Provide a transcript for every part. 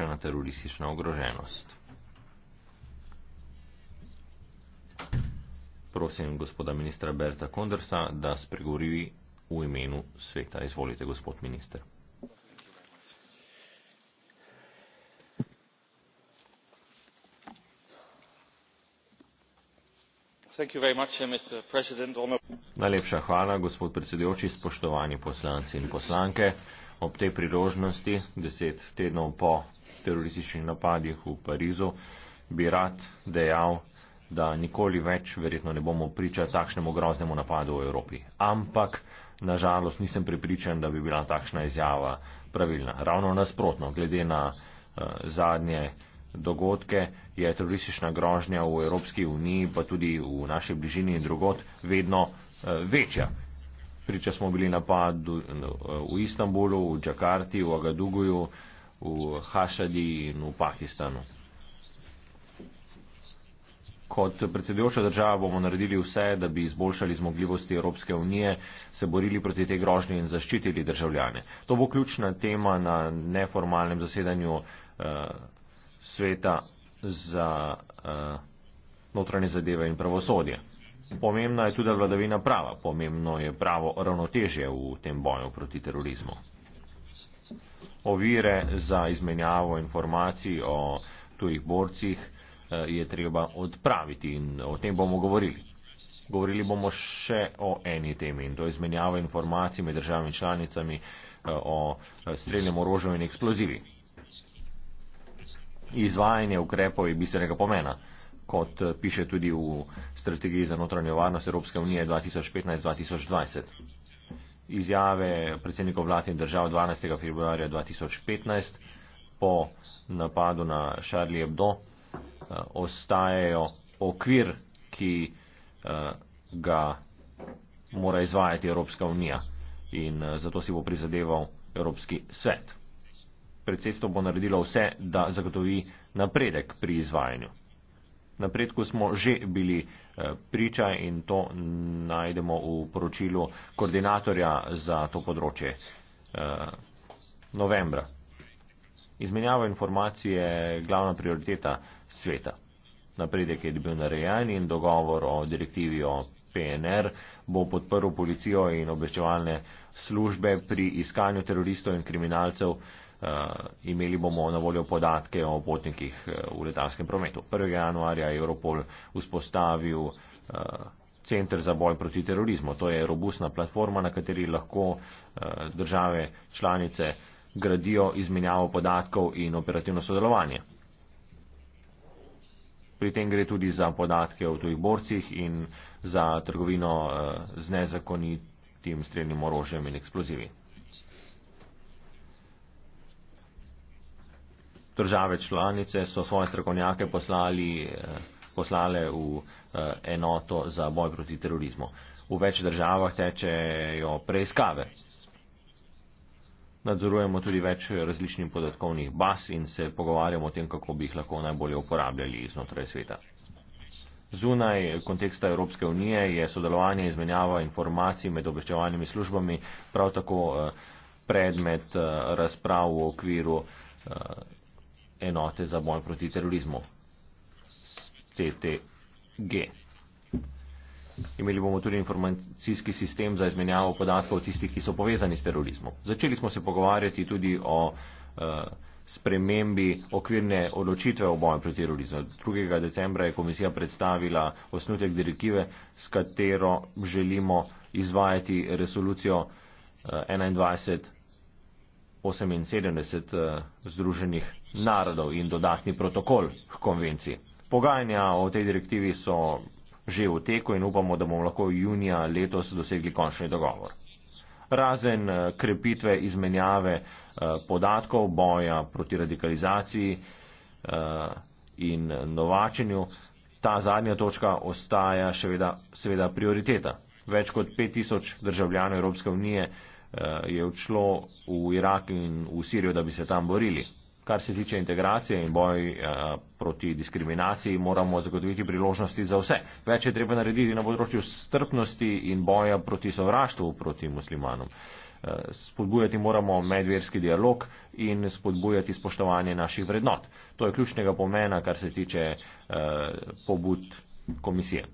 vpliča na teroristično ogroženost. Prosim gospoda ministra Berta Kondersa, da spregovori v imenu sveta. Izvolite, gospod minister. Uh, Najlepša hvala, gospod predsedujoči, spoštovani poslanci in poslanke ob tej priložnosti, deset tednov po terorističnih napadih v Parizu, bi rad dejal, da nikoli več verjetno ne bomo priča takšnemu groznemu napadu v Evropi. Ampak, nažalost, nisem pripričan, da bi bila takšna izjava pravilna. Ravno nasprotno, glede na uh, zadnje dogodke, je teroristična grožnja v Evropski uniji, pa tudi v naši bližini in drugot, vedno uh, večja priča smo bili napadu eh, v Istanbulu, v Džakarti, v Agaduguju, v Hašadi in v Pakistanu. Kot predsedujoča država bomo naredili vse, da bi izboljšali zmogljivosti Evropske unije, se borili proti tej grožnji in zaščitili državljane. To bo ključna tema na neformalnem zasedanju eh, sveta za eh, notranje zadeve in pravosodje. Pomembna je tudi vladavina prava, pomembno je pravo ravnotežje v tem boju proti terorizmu. Ovire za izmenjavo informacij o tujih borcih eh, je treba odpraviti in o tem bomo govorili. Govorili bomo še o eni temi in to je izmenjava informacij med državami članicami eh, o eh, strednjem orožju in eksplozivi. Izvajanje ukrepov je bistvenega pomena kot eh, piše tudi v strategiji za notranjo varnost Evropske unije 2015-2020. Izjave predsednikov vlad in držav 12. februarja 2015 po napadu na Charlie Hebdo eh, ostajajo okvir, ki eh, ga mora izvajati Evropska unija in zato si bo prizadeval Evropski svet. Predsedstvo bo naredilo vse, da zagotovi napredek pri izvajanju napredku smo že bili eh, priča in to najdemo v poročilu koordinatorja za to področje eh, novembra. Izmenjava informacije je glavna prioriteta sveta. Napredek je bil narejen in dogovor o direktivi o PNR bo podprl policijo in obveščevalne službe pri iskanju teroristov in kriminalcev. Eh, imeli bomo na voljo podatke o potnikih eh, v letalskem prometu. 1. januarja je Europol vzpostavil eh, Center za boj proti terorizmu. To je robustna platforma, na kateri lahko države članice gradijo izmenjavo podatkov in operativno sodelovanje. Pri tem gre tudi za podatke o tujih borcih in za trgovino z nezakonitim strelnim orožjem in eksplozivi. države članice so svoje strokovnjake poslali, eh, poslale v eh, enoto za boj proti terorizmu. V več državah tečejo preiskave. Nadzorujemo tudi več različnih podatkovnih baz in se pogovarjamo o tem, kako bi jih lahko najbolje uporabljali iznotraj sveta. Zunaj konteksta Evropske unije je sodelovanje in izmenjava informacij med obveščevalnimi službami prav tako eh, predmet razprav v okviru enote za boj proti terorizmu. CTG. Imeli bomo tudi informacijski sistem za izmenjavo podatkov tistih, ki so povezani s terorizmom. Začeli smo se pogovarjati tudi o uh, spremembi okvirne odločitve o boju proti terorizmu. 2. decembra je komisija predstavila osnutek direktive, s katero želimo izvajati resolucijo uh, 21.78 uh, združenih narodov in dodatni protokol k konvenciji. Pogajanja o tej direktivi so že v teku in upamo, da bomo lahko junija letos dosegli končni dogovor. Razen eh, krepitve izmenjave eh, podatkov, boja proti radikalizaciji eh, in novačenju, ta zadnja točka ostaja seveda, seveda prioriteta. Več kot 5000 državljanov Evropske unije je odšlo v Irak in v Sirijo, da bi se tam borili kar se tiče integracije in boj eh, proti diskriminaciji, moramo zagotoviti priložnosti za vse. Več je treba narediti na področju strpnosti in boja proti sovraštvu proti muslimanom. Eh, spodbujati moramo medverski dialog in spodbujati spoštovanje naših vrednot. To je ključnega pomena, kar se tiče eh, pobud komisije.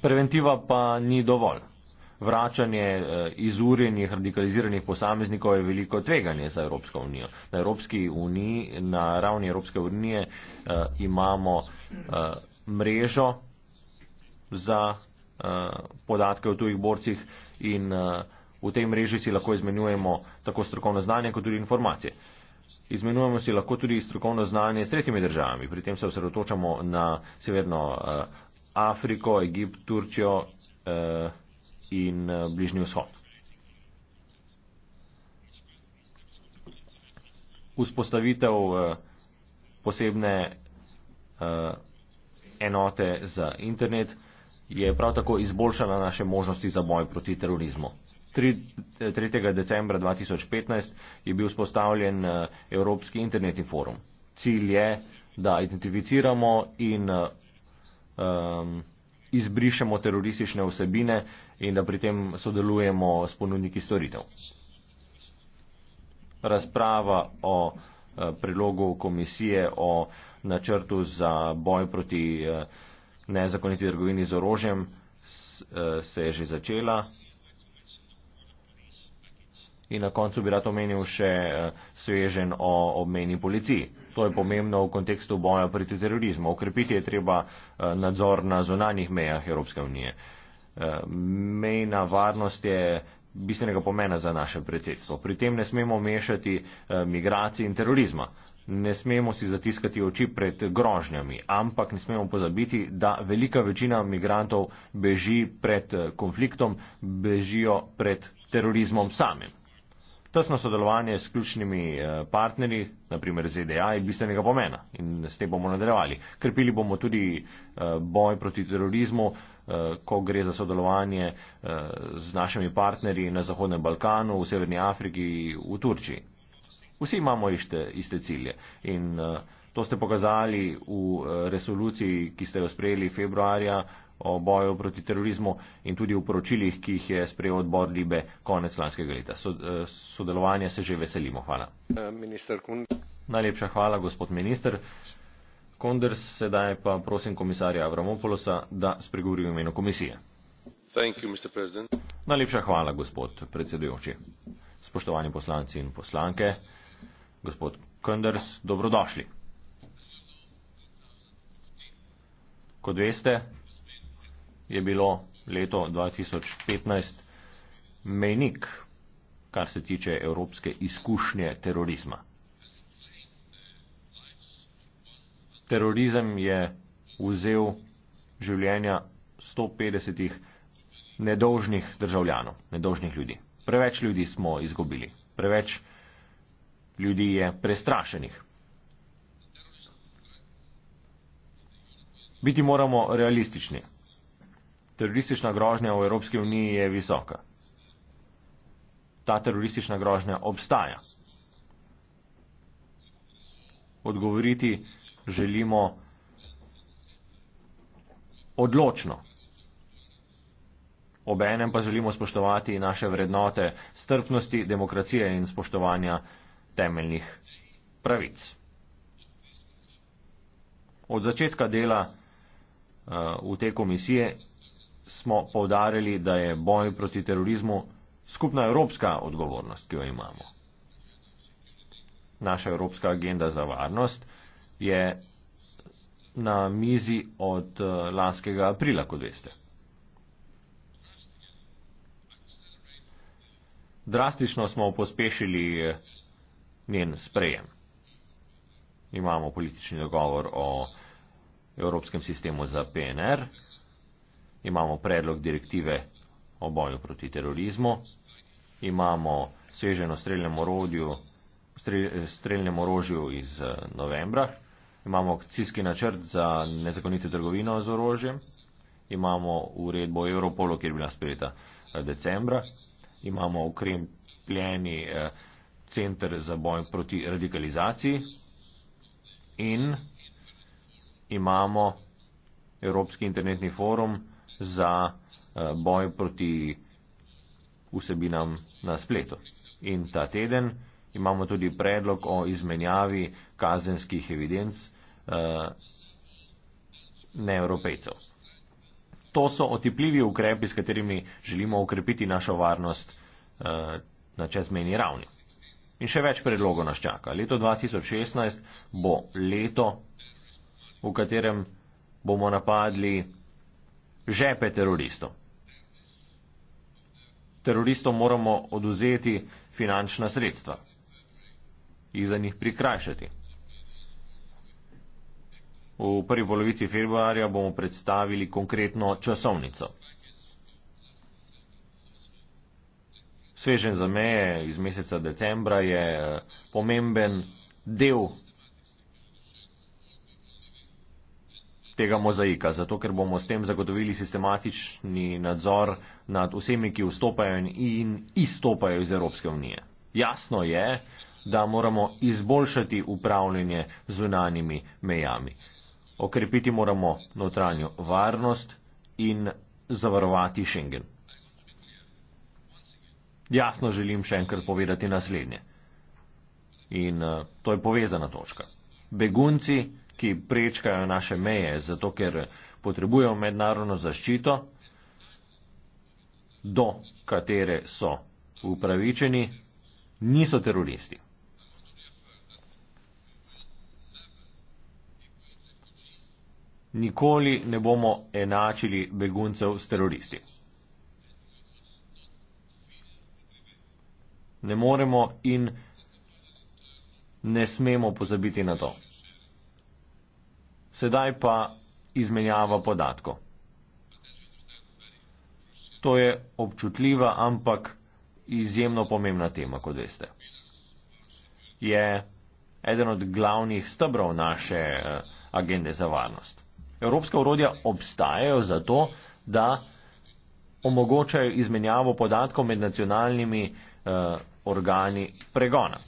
Preventiva pa ni dovolj vračanje eh, izurjenih, radikaliziranih posameznikov je veliko tveganje za Evropsko unijo. Na, Evropski uniji, na ravni Evropske unije uh, imamo uh, mrežo za uh, podatke o tujih borcih in uh, v tej mreži si lahko izmenjujemo tako strokovno znanje kot tudi informacije. Izmenujemo si lahko tudi strokovno znanje s tretjimi državami. Pri tem se osredotočamo na Severno uh, Afriko, Egipt, Turčijo. Uh, in eh, bližnji vzhod. Vzpostavitev eh, posebne eh, enote za internet je prav tako izboljšala naše možnosti za boj proti terorizmu. 3. decembra 2015 je bil vzpostavljen Evropski internetni forum. Cilj je, da identificiramo in um, izbrišemo teroristične vsebine, uh, in da pri tem sodelujemo s ponudniki storitev. Razprava o eh, predlogu komisije o načrtu za boj proti eh, nezakoniti trgovini z orožjem eh, se je že začela. In na koncu bi rad omenil še svežen o obmeni policiji. To je pomembno v kontekstu boja proti terorizmu. Okrepiti je treba nadzor na zunanjih mejah Evropske unije. Eh, mejna varnost je bistvenega pomena za naše predsedstvo. Pri tem ne smemo mešati eh, migracij in terorizma. Ne smemo si zatiskati oči pred grožnjami, ampak ne smemo pozabiti, da velika večina migrantov beži pred eh, konfliktom, bežijo pred terorizmom samim. Tesno sodelovanje s ključnimi partnerji, naprimer ZDA, je bistvenega pomena in s tem bomo nadaljevali. Krpili bomo tudi boj proti terorizmu, Eh, ko gre za sodelovanje eh, z našimi partnerji na Zahodnem Balkanu, v Severni Afriki, v Turčiji. Vsi imamo ište, iste cilje in eh, to ste pokazali v resoluciji, ki ste jo sprejeli februarja o boju proti terorizmu in tudi v poročilih, ki jih je sprejel odbor Libe konec lanskega leta. Sodelovanje se že veselimo. Hvala. Najlepša hvala, gospod minister. Konders, sedaj pa prosim komisarja Avramopolosa, da spregovori v imenu komisije. You, Najlepša hvala, gospod predsedujoči. Spoštovani poslanci in poslanke, gospod Konders, dobrodošli. Kot veste, je bilo leto 2015 mejnik, kar se tiče evropske izkušnje terorizma. terorizem je vzel življenja 150 nedolžnih državljanov, nedolžnih ljudi. Preveč ljudi smo izgubili, preveč ljudi je prestrašenih. Biti moramo realistični. Teroristična grožnja v Evropski uniji je visoka. Ta teroristična grožnja obstaja. Odgovoriti želimo odločno. Obenem pa želimo spoštovati naše vrednote strpnosti, demokracije in spoštovanja temeljnih pravic. Od začetka dela uh, v te komisije smo povdarjali, da je boj proti terorizmu skupna evropska odgovornost, ki jo imamo. Naša evropska agenda za varnost je na mizi od eh, lanskega aprila, kot veste. Drastično smo pospešili eh, njen sprejem. Imamo politični dogovor o Evropskem sistemu za PNR, imamo predlog direktive o boju proti terorizmu, imamo sveženo streljnem orožju iz eh, novembra imamo akcijski načrt za nezakonito trgovino z orožjem, imamo uredbo Europolo, ki je bila sprejeta eh, decembra, imamo ukrepljeni eh, centr za boj proti radikalizaciji in imamo Evropski internetni forum za eh, boj proti vsebinam na spletu. In ta teden Imamo tudi predlog o izmenjavi kazenskih evidenc eh, neevropejcev. To so otipljivi ukrepi, s katerimi želimo ukrepiti našo varnost eh, na čezmeni ravni. In še več predlogov nas čaka. Leto 2016 bo leto, v katerem bomo napadli žepe teroristov. Teroristom moramo oduzeti finančna sredstva jih za njih prikrajšati. V prvi polovici februarja bomo predstavili konkretno časovnico. Svežen za meje iz meseca decembra je eh, pomemben del tega mozaika, zato ker bomo s tem zagotovili sistematični nadzor nad vsemi, ki vstopajo in izstopajo iz Evropske unije. Jasno je, da moramo izboljšati upravljanje zunanjimi mejami. Okrepiti moramo notranjo varnost in zavarovati Schengen. Jasno želim še enkrat povedati naslednje. In eh, to je povezana točka. Begunci, ki prečkajo naše meje, zato ker potrebujejo mednarodno zaščito, do katere so upravičeni, niso teroristi. nikoli ne bomo enačili beguncev s teroristi. Ne moremo in ne smemo pozabiti na to. Sedaj pa izmenjava podatkov. To je občutljiva, ampak izjemno pomembna tema, kot veste. Je eden od glavnih stebrov naše eh, agende za varnost. Evropska urodja obstajajo zato, da omogočajo izmenjavo podatkov med nacionalnimi eh, organi pregona.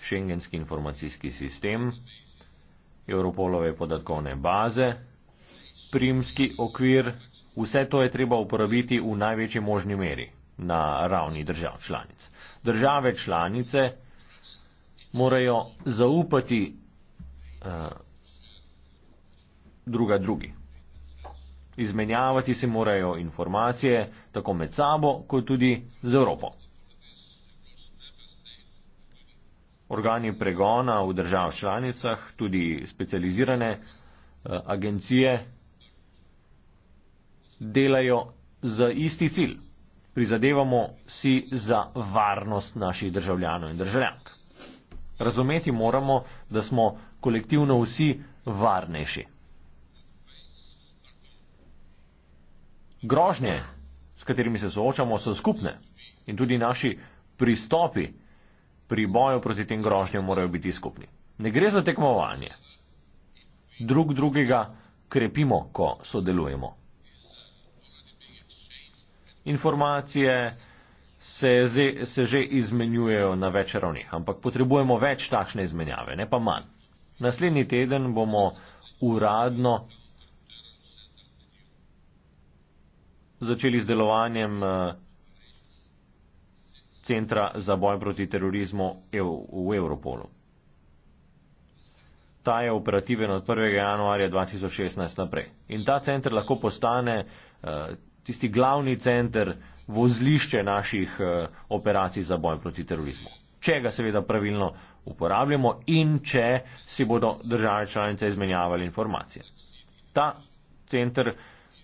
Šengenski informacijski sistem, Europolove podatkovne baze, primski okvir, vse to je treba uporabiti v največji možni meri na ravni držav članic. Države članice morajo zaupati eh, druga drugi. Izmenjavati se morajo informacije tako med sabo, kot tudi z Evropo. Organi pregona v držav članicah, tudi specializirane eh, agencije, delajo za isti cilj. Prizadevamo si za varnost naših državljanov in državljank. Razumeti moramo, da smo kolektivno vsi varnejši. grožnje, s katerimi se soočamo, so skupne. In tudi naši pristopi pri boju proti tem grožnjam morajo biti skupni. Ne gre za tekmovanje. Drug drugega krepimo, ko sodelujemo. Informacije se, ze, se že izmenjujejo na več ravneh, ampak potrebujemo več takšne izmenjave, ne pa manj. Naslednji teden bomo uradno začeli z delovanjem eh, Centra za boj proti terorizmu v Europolu. Ta je operativen od 1. januarja 2016 naprej. In ta center lahko postane eh, tisti glavni center vozlišče naših eh, operacij za boj proti terorizmu. Če ga seveda pravilno uporabljamo in če si bodo države članice izmenjavali informacije. Ta center uh,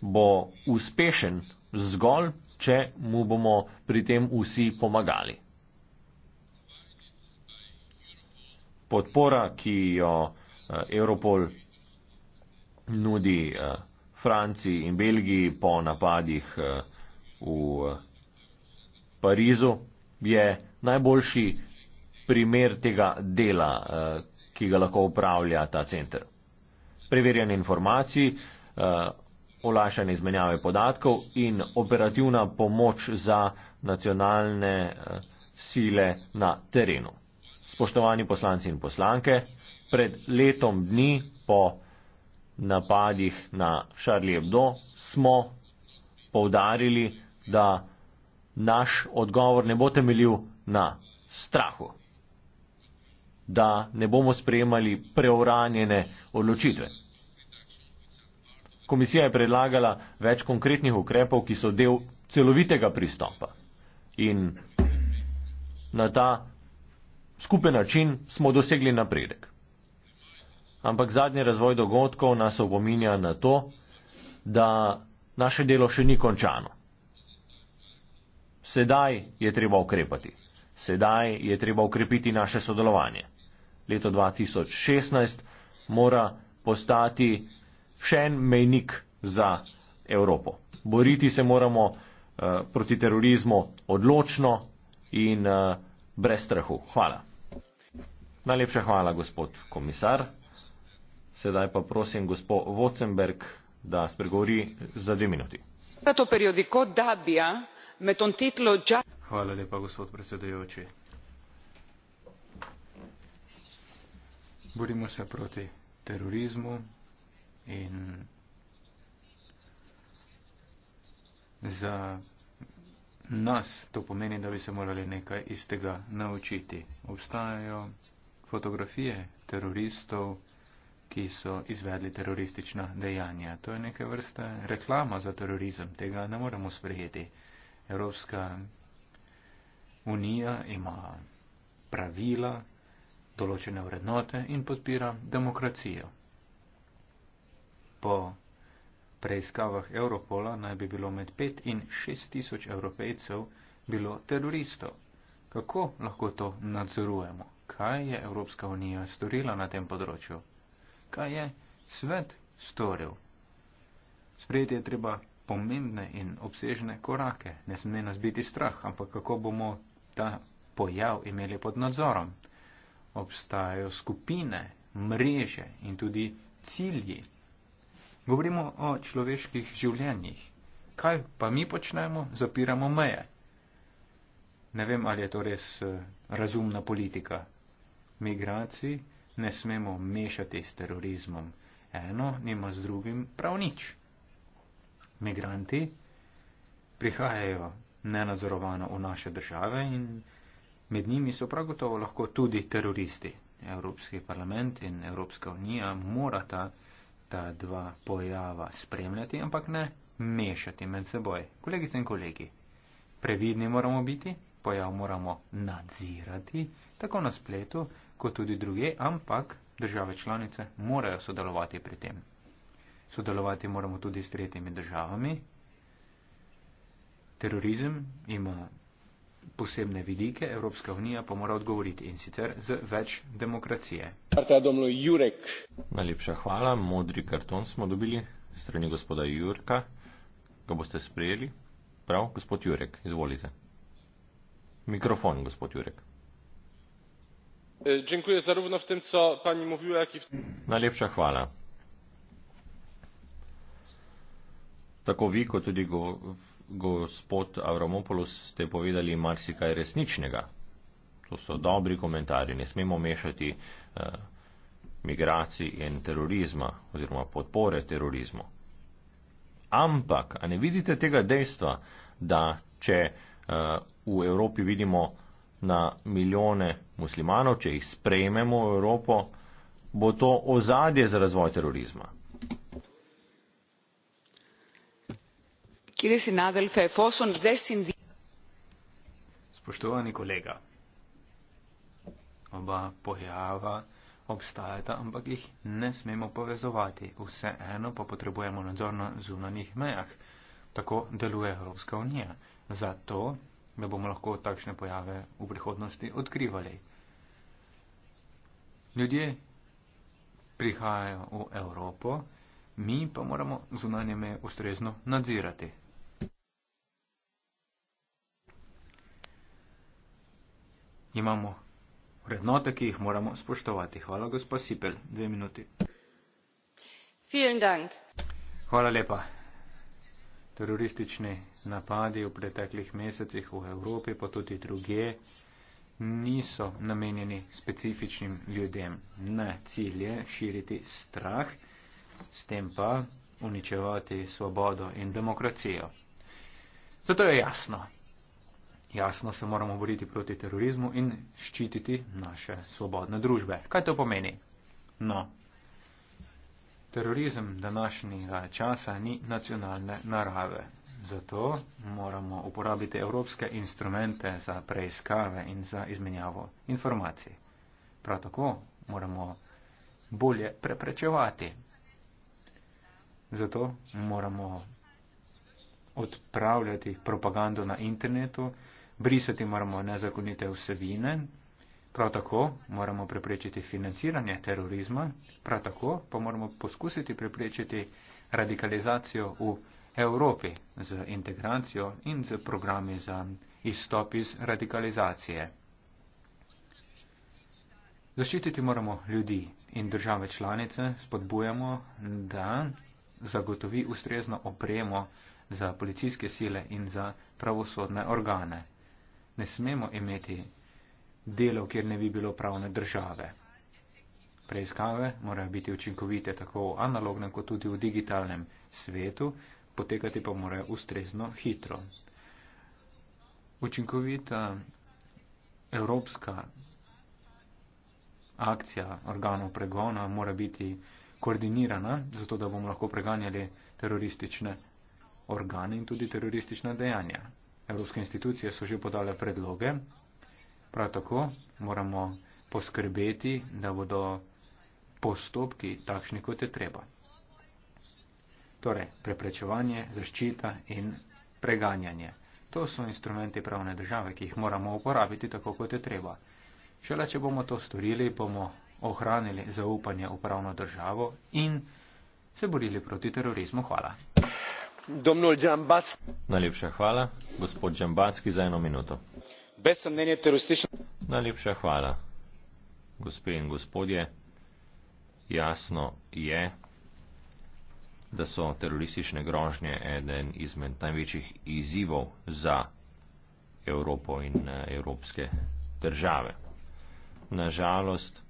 bo uspešen zgolj, če mu bomo pri tem vsi pomagali. Podpora, ki jo eh, Europol nudi eh, Franciji in Belgiji po napadih eh, v Parizu, je najboljši primer tega dela, ki ga lahko upravlja ta center. Preverjanje informacij, olajšanje izmenjave podatkov in operativna pomoč za nacionalne eh, sile na terenu. Spoštovani poslanci in poslanke, pred letom dni po napadih na Charlie Hebdo smo povdarili, da naš odgovor ne bo temeljil na strahu, da ne bomo sprejemali preuranjene odločitve. Komisija je predlagala več konkretnih ukrepov, ki so del celovitega pristopa. In na ta skupen način smo dosegli napredek. Ampak zadnji razvoj dogodkov nas opominja na to, da naše delo še ni končano. Sedaj je treba ukrepati. Sedaj je treba ukrepiti naše sodelovanje. Leto 2016 mora postati še en mejnik za Evropo. Boriti se moramo uh, proti terorizmu odločno in uh, brez strahu. Hvala. Najlepša hvala, gospod komisar. Sedaj pa prosim gospod Vocenberg, da spregovori za dve minuti. Hvala lepa, gospod predsedujoči. Borimo se proti terorizmu, in za nas to pomeni, da bi se morali nekaj iz tega naučiti. Obstajajo fotografije teroristov, ki so izvedli teroristična dejanja. To je neke vrste reklama za terorizem, tega ne moremo sprejeti. Evropska unija ima pravila, določene vrednote in podpira demokracijo po preiskavah Europola naj bi bilo med 5 in 6 tisoč evropejcev bilo teroristov. Kako lahko to nadzorujemo? Kaj je Evropska unija storila na tem področju? Kaj je svet storil? Sprejeti je treba pomembne in obsežne korake. Ne sme nas biti strah, ampak kako bomo ta pojav imeli pod nadzorom? Obstajajo skupine, mreže in tudi cilji, Govorimo o človeških življenjih. Kaj pa mi počnemo? Zapiramo meje. Ne vem, ali je to res eh, razumna politika. Migraciji ne smemo mešati s terorizmom. Eno nima z drugim prav nič. Migranti prihajajo nenadzorovano v naše države in med njimi so prav gotovo lahko tudi teroristi. Evropski parlament in Evropska unija morata ta dva pojava spremljati, ampak ne mešati med seboj. Kolegice in kolegi, previdni moramo biti, pojav moramo nadzirati, tako na spletu, kot tudi druge, ampak države članice morajo sodelovati pri tem. Sodelovati moramo tudi s tretjimi državami. Terorizem ima posebne vidike Evropska unija pa mora odgovoriti in sicer z več demokracije. Najlepša hvala, modri karton smo dobili strani gospoda Jurka. Ga boste sprejeli? Prav, gospod Jurek, izvolite. Mikrofon, gospod Jurek. E, dziękuję zarówno w tym, co pani mówiła, jak i w tym. Najlepsza chwala. Tak, wy, jak tudi go w gospod Avramopoulos, ste povedali marsikaj resničnega. To so dobri komentarji. Ne smemo mešati uh, migracij in terorizma oziroma podpore terorizmu. Ampak, a ne vidite tega dejstva, da če uh, v Evropi vidimo na milijone muslimanov, če jih sprejmemo v Evropo, bo to ozadje za razvoj terorizma. Spoštovani kolega, oba pojava obstajata, ampak jih ne smemo povezovati. Vseeno pa potrebujemo nadzor na zunanih mejah. Tako deluje Evropska unija. Zato, da bomo lahko takšne pojave v prihodnosti odkrivali. Ljudje prihajajo v Evropo, mi pa moramo zunanje meje ustrezno nadzirati. imamo vrednote, ki jih moramo spoštovati. Hvala, gospod Sipel. Dve minuti. Hvala lepa. Teroristični napadi v preteklih mesecih v Evropi, pa tudi druge, niso namenjeni specifičnim ljudem. Ne cilj je širiti strah, s tem pa uničevati svobodo in demokracijo. Zato je jasno, Jasno se moramo boriti proti terorizmu in ščititi naše svobodne družbe. Kaj to pomeni? No, terorizem današnjega časa ni nacionalne narave. Zato moramo uporabiti evropske instrumente za preiskave in za izmenjavo informacij. Prav tako moramo bolje preprečevati. Zato moramo odpravljati propagando na internetu, brisati moramo nezakonite vsebine, prav tako moramo preprečiti financiranje terorizma, prav tako pa moramo poskusiti preprečiti radikalizacijo v Evropi z integracijo in z programi za izstop iz radikalizacije. Zaščititi moramo ljudi in države članice, spodbujamo, da zagotovi ustrezno opremo za policijske sile in za pravosodne organe ne smemo imeti delov, kjer ne bi bilo pravne države. Preiskave morajo biti učinkovite tako v analognem kot tudi v digitalnem svetu, potekati pa morajo ustrezno hitro. Učinkovita evropska akcija organov pregona mora biti koordinirana, zato da bomo lahko preganjali teroristične organe in tudi teroristična dejanja. Evropske institucije so že podale predloge. Prav tako moramo poskrbeti, da bodo postopki takšni, kot je treba. Torej, preprečevanje, zaščita in preganjanje. To so instrumenti pravne države, ki jih moramo uporabiti tako, kot je treba. Šele, če bomo to storili, bomo ohranili zaupanje v pravno državo in se borili proti terorizmu. Hvala. Najlepša hvala. Gospod Džambatski za eno minuto. Brez sumnenja teroristično. Najlepša hvala. Gospe in gospodje, jasno je, da so teroristične grožnje eden izmed največjih izzivov za Evropo in eh, evropske države. Nažalost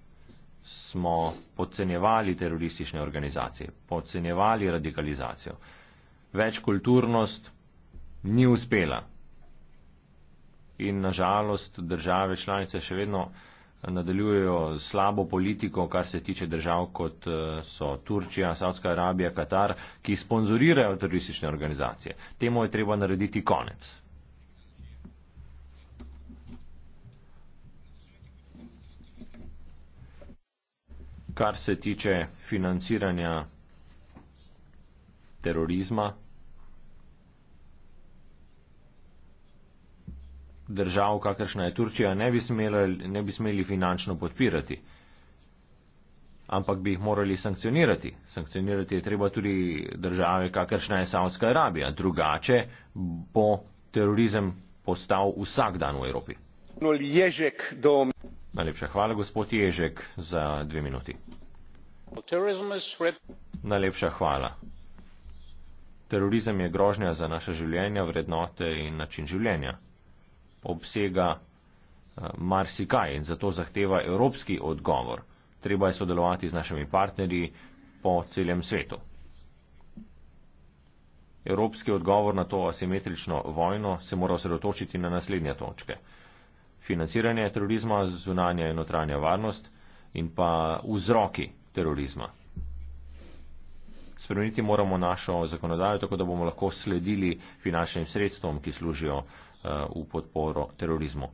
smo podcenjevali teroristične organizacije, podcenjevali radikalizacijo večkulturnost ni uspela. In nažalost države članice še vedno nadaljujejo slabo politiko, kar se tiče držav, kot eh, so Turčija, Saudska Arabija, Katar, ki sponzorirajo turistične organizacije. Temu je treba narediti konec. Kar se tiče financiranja terorizma, držav, kakršna je Turčija, ne bi, smeli, ne bi smeli finančno podpirati, ampak bi jih morali sankcionirati. Sankcionirati je treba tudi države, kakršna je Saudska Arabija. Drugače bo terorizem postal vsak dan v Evropi. Najlepša hvala, gospod Ježek, za dve minuti. Najlepša hvala. Terorizem je grožnja za naše življenja, vrednote in način življenja obsega eh, marsikaj in zato zahteva evropski odgovor. Treba je sodelovati z našimi partnerji po celem svetu. Evropski odgovor na to asimetrično vojno se mora osredotočiti na naslednje točke. Financiranje terorizma, zunanja in notranja varnost in pa vzroki terorizma. Spremeniti moramo našo zakonodajo, tako da bomo lahko sledili finančnim sredstvom, ki služijo Eh, v podporo terorizmu.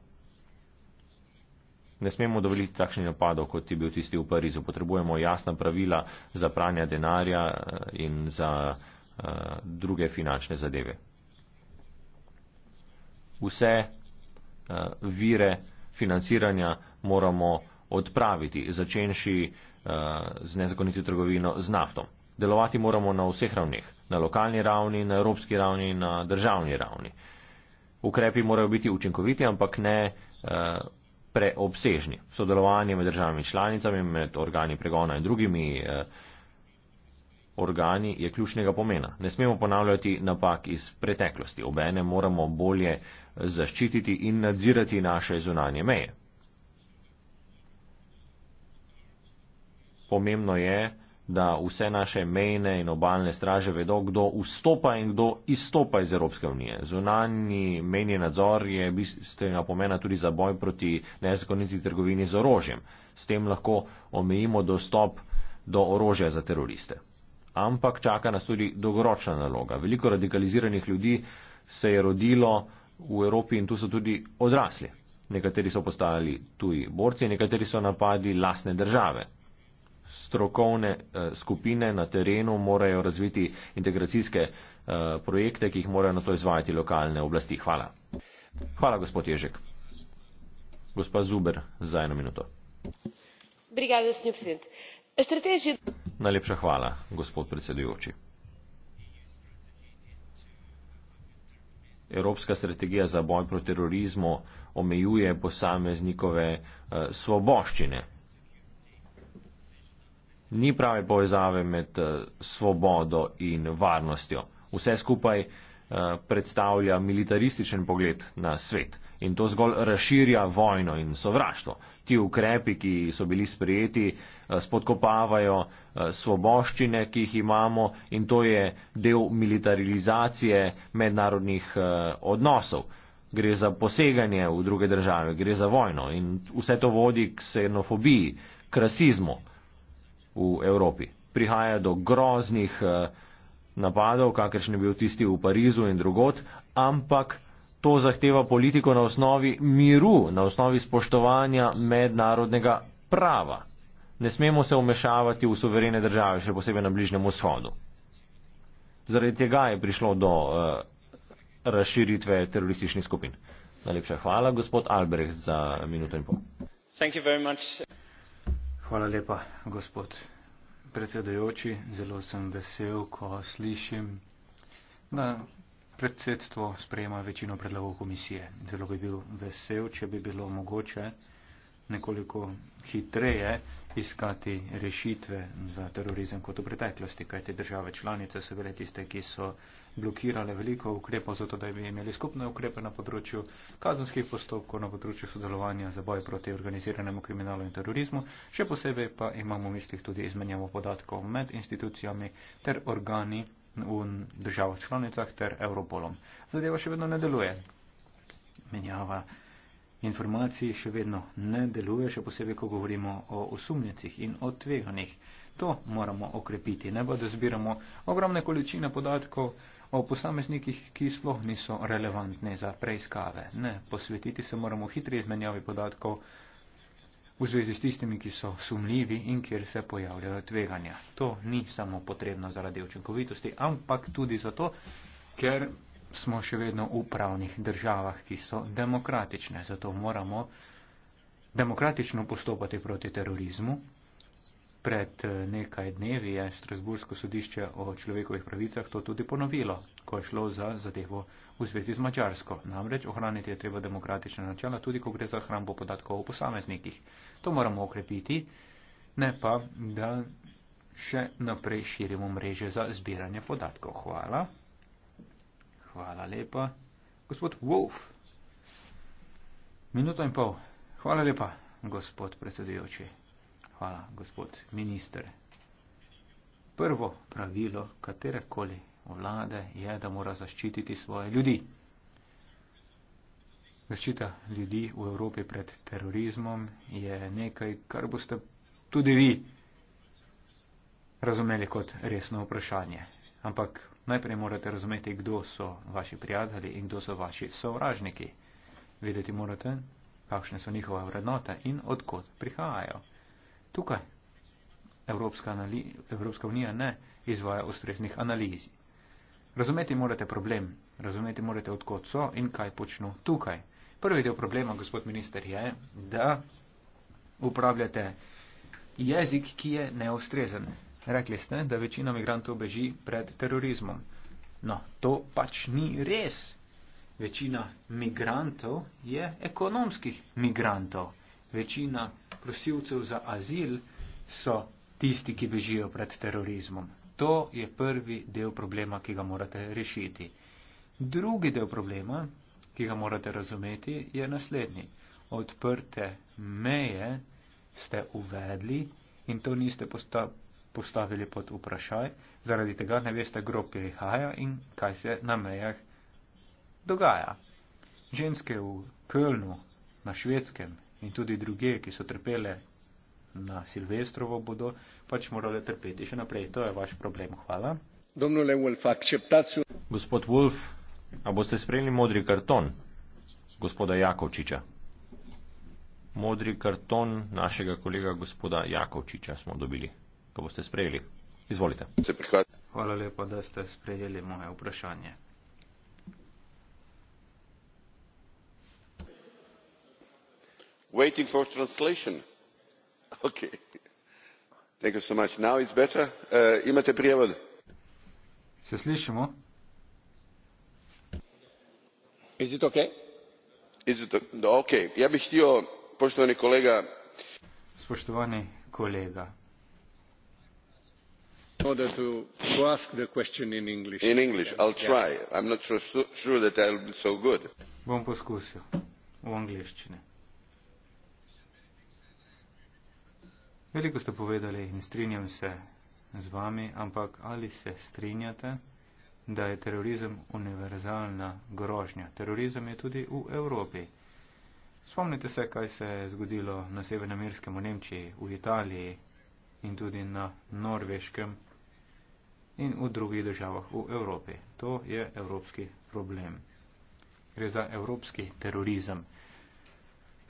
Ne smemo dovoliti takšnih napadov, kot je bil tisti v Parizu. Potrebujemo jasna pravila za pranje denarja eh, in za eh, druge finančne zadeve. Vse vire financiranja moramo odpraviti, začenši z nezakonito trgovino z naftom. Delovati moramo na vseh ravneh, na lokalni ravni, na evropski ravni in na državni ravni. Uh, ukrepi morajo biti učinkoviti, ampak ne eh, preobsežni. Sodelovanje med državami članicami, med organi pregona in drugimi eh, organi je ključnega pomena. Ne smemo ponavljati napak iz preteklosti. Obene moramo bolje eh, zaščititi in nadzirati naše zunanje meje. Pomembno je, da vse naše mejne in obaljne straže vedo, kdo vstopa in kdo izstopa iz Evropske unije. Zunanji mejni nadzor je bistvena pomena tudi za boj proti nezakoniti trgovini z orožjem. S tem lahko omejimo dostop do orožja za teroriste. Ampak čaka nas tudi dolgoročna naloga. Veliko radikaliziranih ljudi se je rodilo v Evropi in tu so tudi odrasli. Nekateri so postali tuji borci, nekateri so napadli lasne države strokovne eh, skupine na terenu morajo razviti integracijske eh, projekte, ki jih morajo na to izvajati lokalne oblasti. Hvala. Hvala, gospod Ježek. Gospa Zuber, za eno minuto. Brigada Snjupsint. Strateži... Najlepša hvala, gospod predsedujoči. Evropska strategija za boj proti terorizmu omejuje posameznikove eh, svoboščine ni prave povezave med eh, svobodo in varnostjo. Vse skupaj eh, predstavlja militarističen pogled na svet in to zgolj razširja vojno in sovraštvo. Ti ukrepi, ki so bili sprijeti, eh, spodkopavajo svoboščine, ki jih imamo in to je del militarizacije mednarodnih odnosov. Gre za poseganje v druge države, gre za vojno in vse to vodi k xenofobiji, k rasizmu, v Evropi. Prihaja do groznih eh, napadov, kakršen je bil tisti v Parizu in drugot, ampak to zahteva politiko na osnovi miru, na osnovi spoštovanja mednarodnega prava. Ne smemo se umešavati v suverene države, še posebej na Bližnjem vzhodu. Zaradi tega je prišlo do uh, razširitve terorističnih skupin. Najlepša hvala, gospod Albrecht, za minuto in pol. Hvala lepa, gospod predsedajoči. Zelo sem vesel, ko slišim, da predsedstvo sprejema večino predlogov komisije. Zelo bi bil vesel, če bi bilo mogoče nekoliko hitreje iskati rešitve za terorizem kot v preteklosti, kajte države članice so bile tiste, ki so blokirale veliko ukrepov, zato da bi imeli skupne ukrepe na področju kazenskih postopkov, na področju sodelovanja za boj proti organiziranemu kriminalu in terorizmu. Še posebej pa imamo v mislih tudi izmenjavo podatkov med institucijami ter organi v državah članicah ter Europolom. Zadeva še vedno ne deluje. Menjava informacij še vedno ne deluje, še posebej, ko govorimo o osumnjecih in o tveganih. To moramo okrepiti, ne pa da zbiramo ogromne količine podatkov, o posameznikih, ki sploh niso relevantne za preiskave. Ne, posvetiti se moramo hitri izmenjavi podatkov v zvezi s tistimi, ki so sumljivi in kjer se pojavljajo tveganja. To ni samo potrebno zaradi učinkovitosti, ampak tudi zato, ker smo še vedno v pravnih državah, ki so demokratične. Zato moramo demokratično postopati proti terorizmu, pred eh, nekaj dnevi je Strasbursko sodišče o človekovih pravicah to tudi ponovilo, ko je šlo za zadevo v zvezi z Mačarsko. Namreč ohraniti je treba demokratične načela, tudi ko gre za hrambo podatkov o posameznikih. To moramo okrepiti, ne pa, da še naprej širimo mreže za zbiranje podatkov. Hvala. Hvala lepa. Gospod Wolf. Minuto in pol. Hvala lepa, gospod predsedujoči. Hvala, gospod minister. Prvo pravilo katerekoli vlade je, da mora zaščititi svoje ljudi. Zaščita ljudi v Evropi pred terorizmom je nekaj, kar boste tudi vi razumeli kot resno vprašanje. Ampak najprej morate razumeti, kdo so vaši prijatelji in kdo so vaši sovražniki. Vedeti morate, kakšne so njihove vrednote in odkot prihajajo tukaj Evropska, Evropska unija ne izvaja ustreznih analiz. Razumeti morate problem, razumeti morate, odkot so in kaj počnu tukaj. Prvi del problema, gospod minister, je, da upravljate jezik, ki je neustrezen. Rekli ste, da večina migrantov beži pred terorizmom. No, to pač ni res. Večina migrantov je ekonomskih migrantov. Večina prosilcev za azil so tisti, ki bežijo pred terorizmom. To je prvi del problema, ki ga morate rešiti. Drugi del problema, ki ga morate razumeti, je naslednji. Odprte meje ste uvedli in to niste postavili pod vprašaj, zaradi tega ne veste, kdo prihaja in kaj se na mejah dogaja. Ženske v Kölnu, na švedskem in tudi druge, ki so trpele na Silvestrovo, bodo pač morali trpeti še naprej. To je vaš problem. Hvala. Wolf, Gospod Wolf, a boste sprejeli modri karton gospoda Jakovčiča? Modri karton našega kolega gospoda Jakovčiča smo dobili. Ga boste sprejeli? Izvolite. Hvala lepa, da ste sprejeli moje vprašanje. waiting for translation. Uh, imate prijevod? se slišimo? Is it okay? Is it okay? Ja bih htio, poštovani kolega... Poštovani kolega. order to, to ask the question in English. In English, I'll try. Yeah. I'm not sure, sure that I'll be so good. Bom poskusil v angliščini. Veliko ste povedali in strinjam se z vami, ampak ali se strinjate, da je terorizem univerzalna grožnja? Terorizem je tudi v Evropi. Spomnite se, kaj se je zgodilo na Severnamirskem, v Nemčiji, v Italiji in tudi na Norveškem in v drugih državah v Evropi. To je evropski problem. Gre za evropski terorizem.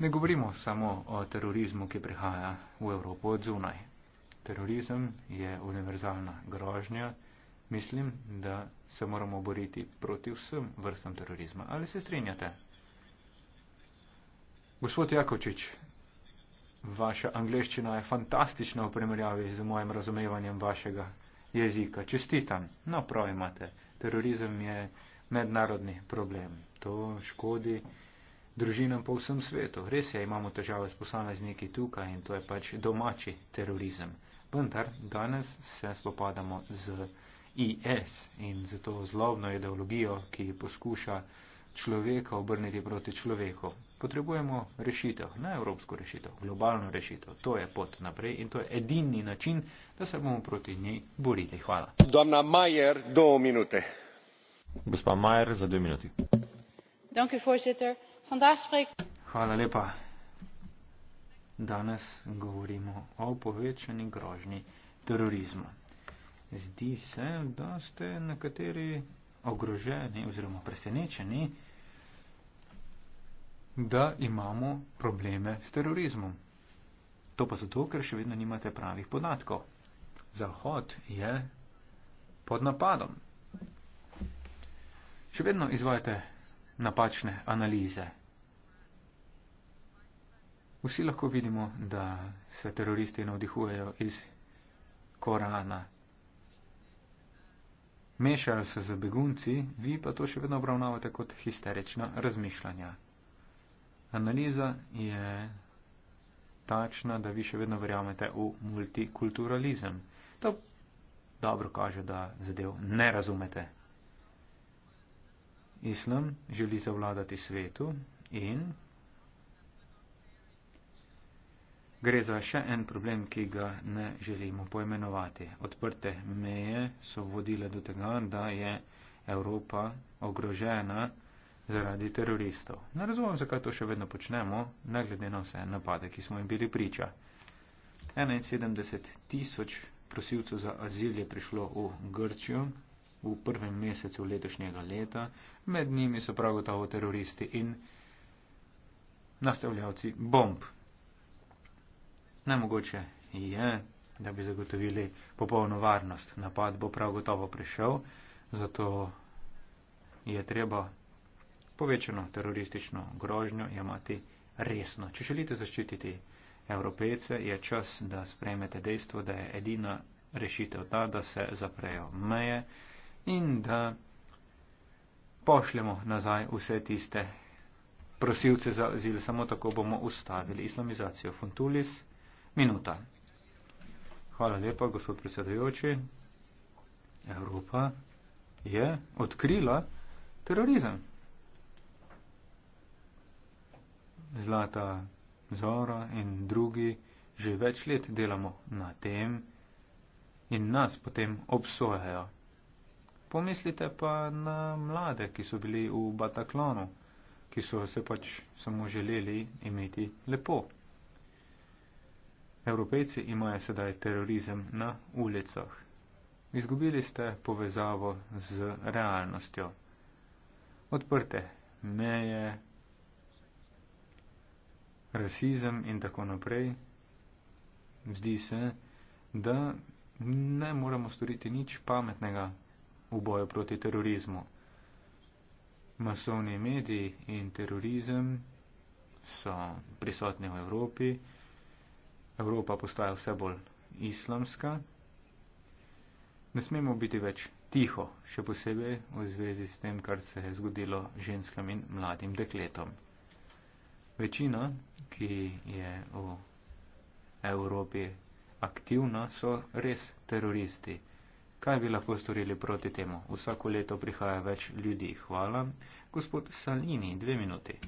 Ne govorimo samo o terorizmu, ki prihaja v Evropo od zunaj. Terorizem je univerzalna grožnja. Mislim, da se moramo boriti proti vsem vrstam terorizma. Ali se strinjate? Gospod Jakočič, vaša angleščina je fantastična v primerjavi z mojim razumevanjem vašega jezika. Čestitam. No, prav imate. Terorizem je mednarodni problem. To škodi družinam po vsem svetu. Res je, imamo težave s posamezniki tukaj in to je pač domači terorizem. Vendar danes se spopadamo z IS in z to zlobno ideologijo, ki poskuša človeka obrniti proti človeku. Potrebujemo rešitev, ne evropsko rešitev, globalno rešitev. To je pot naprej in to je edini način, da se bomo proti njej borili. Hvala. Dona Majer, do minute. Gospa Majer, za dve minuti. Dank u voorzitter. Hvala lepa. Danes govorimo o povečani grožnji terorizma. Zdi se, da ste nekateri ogroženi oziroma presenečeni, da imamo probleme s terorizmom. To pa zato, ker še vedno nimate pravih podatkov. Zahod je pod napadom. Še vedno izvajate napačne analize. Vsi lahko vidimo, da se teroristi navdihujejo iz Korana. Mešajo se za begunci, vi pa to še vedno obravnavate kot histerična razmišljanja. Analiza je takšna, da vi še vedno verjamete v multikulturalizem. To dobro kaže, da zadev ne razumete. Islam želi zavladati svetu in Gre za še en problem, ki ga ne želimo poimenovati. Odprte meje so vodile do tega, da je Evropa ogrožena zaradi teroristov. Ne razumem, zakaj to še vedno počnemo, ne glede na vse napade, ki smo jim bili priča. 71 tisoč prosilcev za azil je prišlo v Grčijo v prvem mesecu letošnjega leta, med njimi so prav gotovo teroristi in nastavljavci bomb. Nemogoče je, da bi zagotovili popolno varnost. Napad bo prav gotovo prišel, zato je treba povečano teroristično grožnjo imati resno. Če želite zaščititi evropejce, je čas, da sprejmete dejstvo, da je edina rešitev ta, da se zaprejo meje in da pošljemo nazaj vse tiste prosilce za azil. Samo tako bomo ustavili islamizacijo Funtulis minuta. Hvala lepa, gospod predsedajoči. Evropa je odkrila terorizem. Zlata Zora in drugi že več let delamo na tem in nas potem obsojajo. Pomislite pa na mlade, ki so bili v Bataklonu, ki so se pač samo želeli imeti lepo. Evropejci imajo sedaj terorizem na ulicah. Izgubili ste povezavo z realnostjo. Odprte meje, rasizem in tako naprej. Zdi se, da ne moramo storiti nič pametnega v boju proti terorizmu. Masovni mediji in terorizem so prisotni v Evropi. Evropa postaja vse bolj islamska. Ne smemo biti več tiho, še posebej v zvezi s tem, kar se je zgodilo ženskam in mladim dekletom. Večina, ki je v Evropi aktivna, so res teroristi. Kaj bi lahko storili proti temu? Vsako leto prihaja več ljudi. Hvala. Gospod Salini, dve minuti.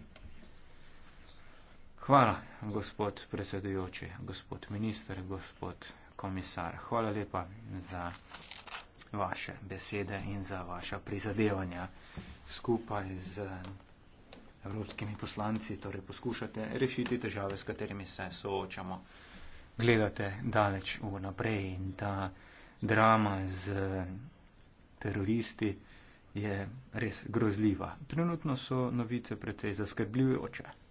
Hvala, gospod predsedujoči, gospod minister, gospod komisar. Hvala lepa za vaše besede in za vaša prizadevanja skupaj z evropskimi poslanci, torej poskušate rešiti težave, s katerimi se soočamo. Gledate daleč vnaprej in ta drama z teroristi je res grozljiva. Trenutno so novice precej zaskrbljujoče.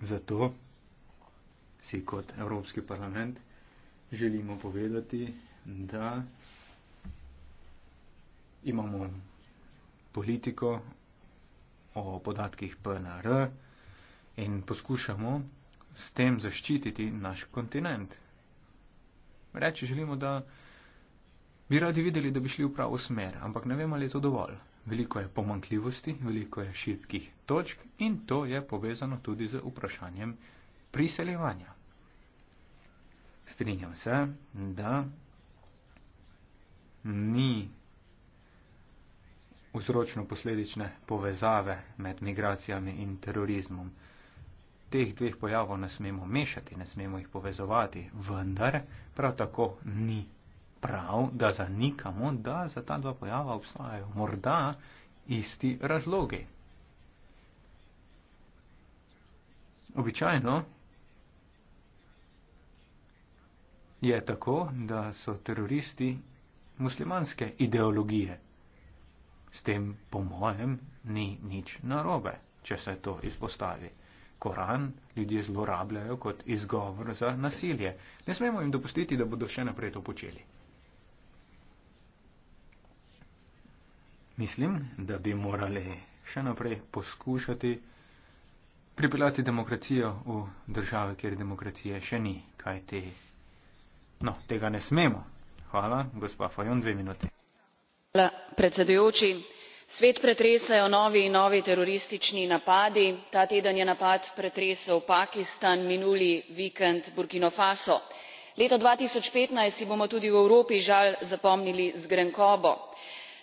Zato si kot Evropski parlament želimo povedati, da imamo politiko o podatkih PNR in poskušamo s tem zaščititi naš kontinent. Reči želimo, da bi radi videli, da bi šli v pravo smer, ampak ne vemo, ali je to dovolj veliko je pomankljivosti, veliko je šibkih točk in to je povezano tudi z vprašanjem priseljevanja. Strinjam se, da ni vzročno-posledične povezave med migracijami in terorizmom. Teh dveh pojavov ne smemo mešati, ne smemo jih povezovati, vendar prav tako ni prav, da zanikamo, da za ta dva pojava obstajajo morda isti razlogi. Običajno je tako, da so teroristi muslimanske ideologije. S tem, po mojem, ni nič narobe, če se to izpostavi. Koran ljudje zlorabljajo kot izgovor za nasilje. Ne smemo jim dopustiti, da bodo še naprej to počeli. Mislim, da bi morali še naprej poskušati pripeljati demokracijo v države, kjer demokracije še ni, kaj te. No, tega ne smemo. Hvala, gospa Fajon, dve minuti. Hvala, predsedujoči. Svet pretresajo novi in novi teroristični napadi. Ta teden je napad pretresel Pakistan, minuli vikend Burkino Faso. Leto 2015 si bomo tudi v Evropi žal zapomnili z grenkobo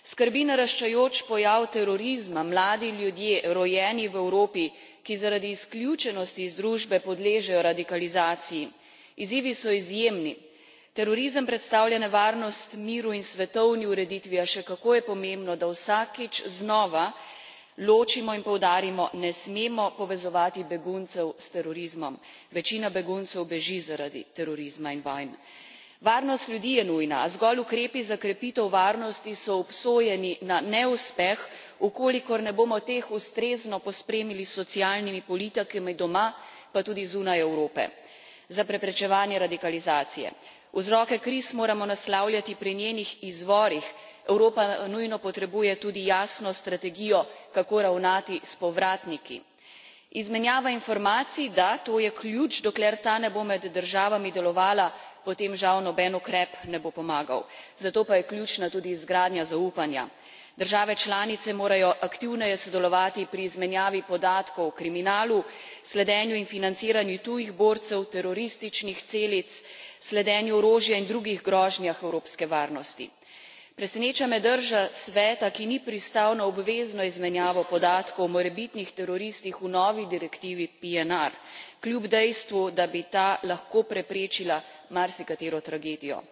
skrbi naraščajoč pojav terorizma mladi ljudje rojeni v evropi ki zaradi izključenosti iz družbe podležejo radikalizaciji. izzivi so izjemni. terorizem predstavlja nevarnost miru in svetovni ureditvi a še kako je pomembno da vsakič znova ločimo in poudarimo ne smemo povezovati beguncev s terorizmom. večina beguncev beži zaradi terorizma in vojn varnost ljudi je nujna a zgolj ukrepi za krepitev varnosti so obsojeni na neuspeh v kolikor ne bomo teh ustrezno pospremili s socialnimi politikami doma pa tudi zunaj evrope za preprečevanje radikalizacije. vzroke kriz moramo naslavljati pri njenih izvorih evropa nujno potrebuje tudi jasno strategijo kako ravnati s povratniki. izmenjava informacij da to je ključ dokler ta ne bo med državami delovala potem žal noben ukrep ne bo pomagal zato pa je ključna tudi izgradnja zaupanja. države članice morajo aktivneje sodelovati pri izmenjavi podatkov o kriminalu sledenju in financiranju tujih borcev terorističnih celic sledenju orožja in drugih grožnjah evropske varnosti preseneča me drža sveta ki ni pristal na obvezno izmenjavo podatkov o morebitnih teroristih v novi direktivi pnr kljub dejstvu da bi ta lahko preprečila marsikatero tragedijo.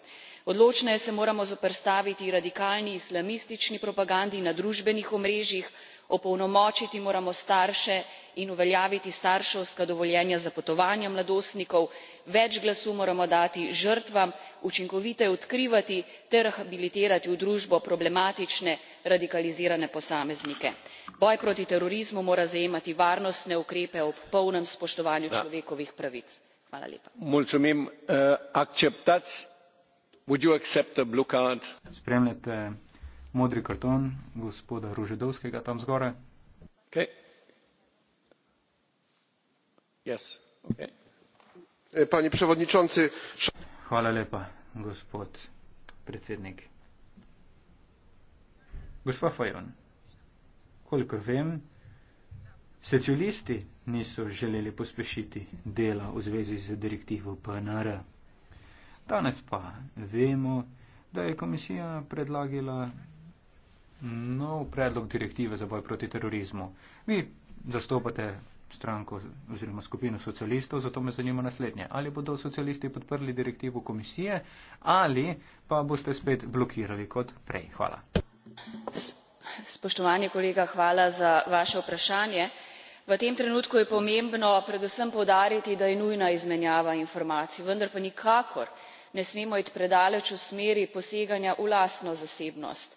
odločneje se moramo zoperstaviti radikalni islamistični propagandi na družbenih omrežjih opolnomočiti moramo starše in uveljaviti starševska dovoljenja za potovanja mladostnikov več glasu moramo dati žrtvam učinkoviteje odkrivati ter rehabilitirati v družbo problematične radikalizirane posameznike. boj proti terorizmu mora zajemati varnostne ukrepe ob polnem spoštovanju človekovih pravic modri karton gospoda Ružedovskega tam zgore. Okay. Yes. Okay. E, pani przewodniczący. Hvala lepa, gospod predsednik. Gospa Fajon, kolikor vem, socialisti niso želeli pospešiti dela v zvezi z direktivo PNR. Danes pa vemo, da je komisija predlagila nov predlog direktive za boj proti terorizmu. Vi zastopate stranko oziroma skupino socialistov, zato me zanima naslednje. Ali bodo socialisti podprli direktivo komisije ali pa boste spet blokirali kot prej? Hvala. Spoštovani kolega, hvala za vaše vprašanje. V tem trenutku je pomembno predvsem povdariti, da je nujna izmenjava informacij, vendar pa nikakor ne smemo iti predaleč v smeri poseganja v lastno zasebnost.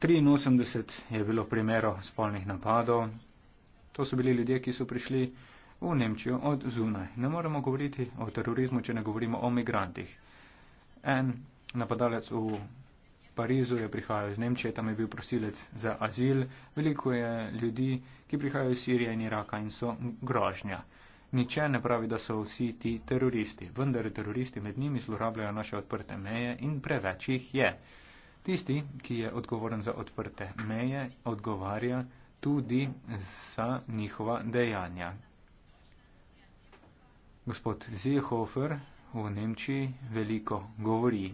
83 je bilo primerov spolnih napadov. To so bili ljudje, ki so prišli v Nemčijo od zunaj. Ne moremo govoriti o terorizmu, če ne govorimo o migrantih. En napadalec v Parizu je prihajal iz Nemčije, tam je bil prosilec za azil. Veliko je ljudi, ki prihajajo iz Sirije in Iraka in so grožnja. Niče ne pravi, da so vsi ti teroristi, vendar teroristi med njimi zlorabljajo naše odprte meje in preveč jih je. Tisti, ki je odgovoren za odprte meje, odgovarja tudi za njihova dejanja. Gospod Zehofer v Nemčiji veliko govori.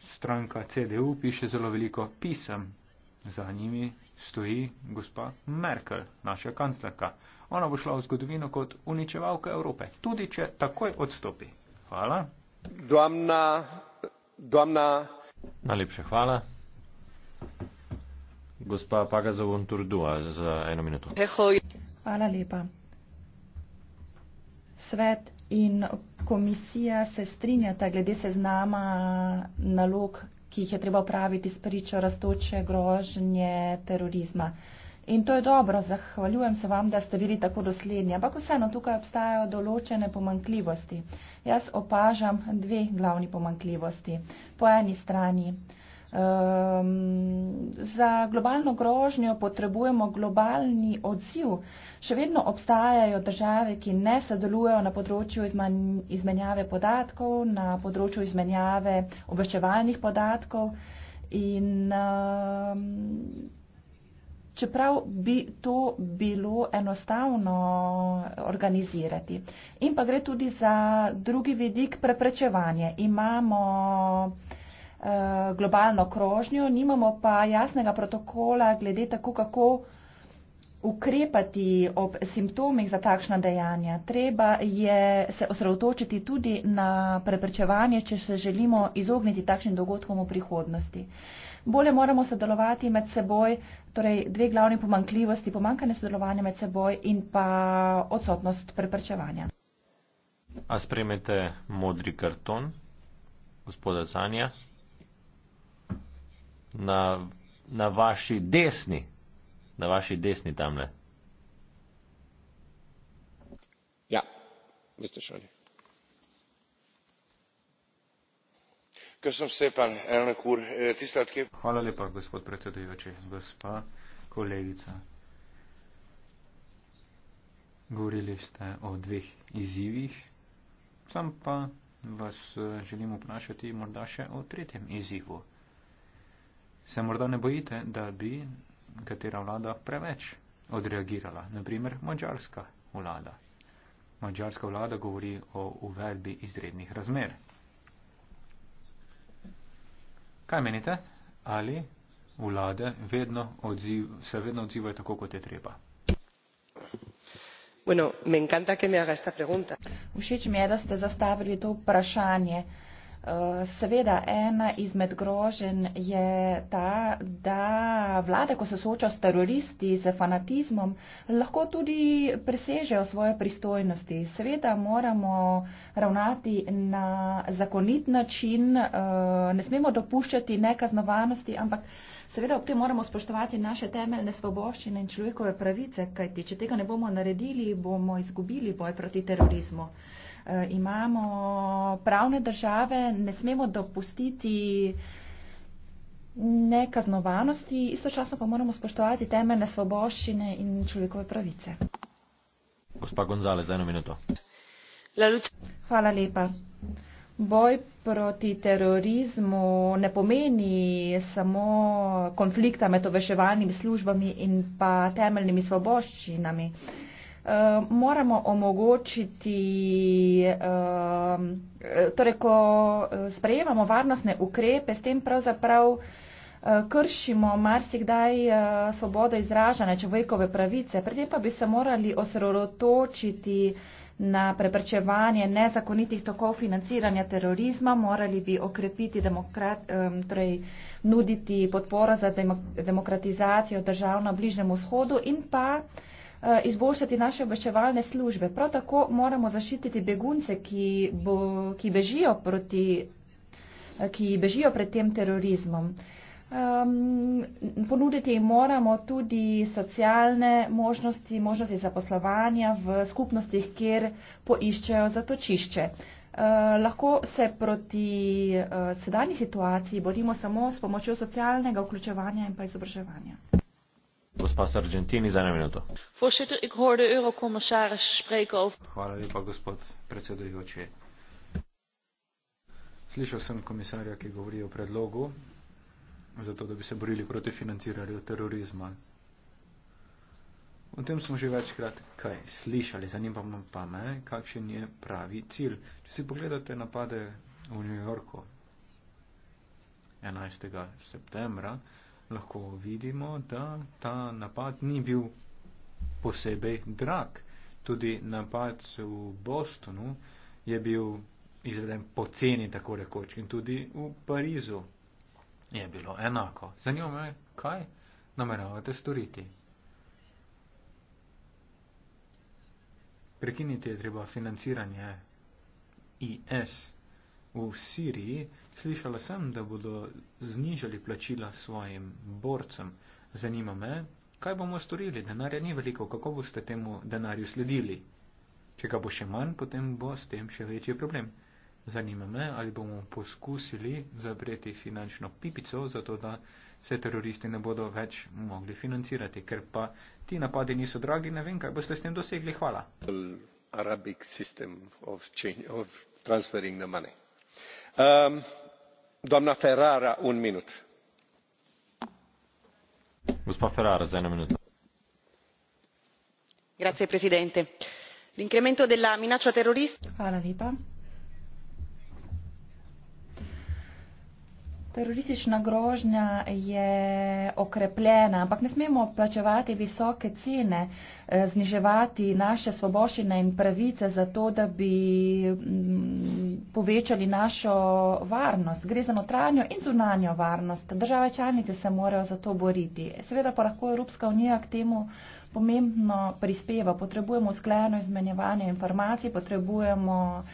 Stranka CDU piše zelo veliko pisem. Za njimi stoji gospa Merkel, naša kanclerka. Ona bo šla v zgodovino kot uničevalka Evrope, tudi če takoj odstopi. Hvala. Doamna Najlepša hvala. Gospa Pagazovon Turdua za eno minuto. Hvala lepa. Svet in komisija se strinjata glede seznama nalog, ki jih je treba upraviti s pričo rastoče grožnje terorizma. In to je dobro, zahvaljujem se vam, da ste bili tako doslednji. Ampak vseeno, tukaj obstajajo določene pomankljivosti. Jaz opažam dve glavni pomankljivosti. Po eni strani, um, za globalno grožnjo potrebujemo globalni odziv. Še vedno obstajajo države, ki ne sodelujejo na področju izman, izmenjave podatkov, na področju izmenjave obveščevalnih podatkov. In, um, čeprav bi to bilo enostavno organizirati. In pa gre tudi za drugi vidik preprečevanje. Imamo e, globalno krožnjo, nimamo pa jasnega protokola glede tako, kako ukrepati ob simptomih za takšna dejanja. Treba je se osredotočiti tudi na preprečevanje, če se želimo izogniti takšnim dogodkom v prihodnosti. E, bolje moramo sodelovati med seboj, torej dve glavni pomankljivosti, pomankanje sodelovanja med seboj in pa odsotnost preprečevanja. A spremete modri karton gospoda Zanja na, na vaši desni, na vaši desni tamle? Ja, veste šali. Hvala lepa, gospod predsedujoči. Gospa kolegica, govorili ste o dveh izzivih, sam pa vas eh, želim vprašati morda še o tretjem izzivu. Se morda ne bojite, da bi katera vlada preveč odreagirala, naprimer mađarska vlada. Mađarska vlada govori o uvedbi izrednih razmer. Kaj menite? Ali vlade vedno odziv, se vedno odzivajo tako, kot je treba? Bueno, me encanta que me haga esta pregunta. Všeč mi je, da ste zastavili to vprašanje. Eh, seveda, ena izmed grožen je ta, da vlade, ko se soočajo s teroristi, z fanatizmom, lahko tudi presežejo svoje pristojnosti. Seveda moramo ravnati na zakonit način, eh, ne smemo dopuščati nekaznovanosti, ampak. Seveda ob tem moramo spoštovati naše temeljne svoboščine in človekove pravice, kajti če tega ne bomo naredili, bomo izgubili boj proti terorizmu. Eh, imamo pravne države, ne smemo dopustiti nekaznovanosti, istočasno pa moramo spoštovati temeljne svoboščine in človekove pravice. Gospa Gonzalez, eno minuto. Hvala lepa. Boj proti terorizmu ne pomeni samo konflikta med obveševalnimi službami in pa temeljnimi svoboščinami. Uh, Eh, moramo omogočiti, ehm, eh, torej ko eh, sprejemamo varnostne ukrepe, s tem pravzaprav kršimo marsikdaj svobodo izražanja človekove pravice, predtem pa bi se morali osredotočiti na preprečevanje nezakonitih tokov financiranja terorizma, morali bi okrepiti demokrat, ehm, torej nuditi podporo za demokratizacijo držav na Bližnjem vzhodu in pa Eh, izboljšati naše obveščevalne službe. Prav tako moramo zaščititi begunce, ki, bo, ki, bežijo, proti, eh, ki bežijo pred tem terorizmom. Um, ponuditi jim moramo tudi socialne možnosti, možnosti zaposlovanja v skupnostih, kjer poiščejo zatočišče. Uh, lahko se proti uh, sedanji situaciji borimo samo s pomočjo socialnega vključevanja in pa izobraževanja voorzitter ik hoor de eurocommissaris spreken over. slišal sem komisarja ki govori o predlogu za to da bi se borili proti financiranju terorizma o tem smo že večkrat kaj slišali zanima pa me kakšen je pravi cilj če si pogledate napade v new yorku 11. septembra lahko vidimo, da ta napad ni bil posebej drag. Tudi napad v Bostonu je bil izveden po ceni, tako rekoč, in tudi v Parizu je bilo enako. Zanima me, kaj nameravate storiti. Prekiniti je treba financiranje IS v Siriji. Slišala sem, da bodo znižali plačila svojim borcem. Zanima me, kaj bomo storili, denarja ni veliko, kako boste temu denarju sledili. Če ga bo še manj, potem bo s tem še večji problem. Zanima me, ali bomo poskusili zapreti finančno pipico, zato da se teroristi ne bodo več mogli financirati, ker pa ti napadi niso dragi, ne vem, kaj boste s tem dosegli. Hvala. Arabic system of, change, of transferring the money. Um, gospa ferrara za eno minuto signor presidente l'incremento della minaccia terroristica. Teroristična grožnja je okrepljena, ampak ne smemo plačevati visoke cene, eh, zniževati naše svobošine in pravice za to, da bi mm, povečali našo varnost. Gre za notranjo in zunanjo varnost. Države članice se morajo za to boriti. Seveda pa lahko Evropska unija k temu pomembno prispeva. Potrebujemo sklejeno izmenjevanje informacij, potrebujemo.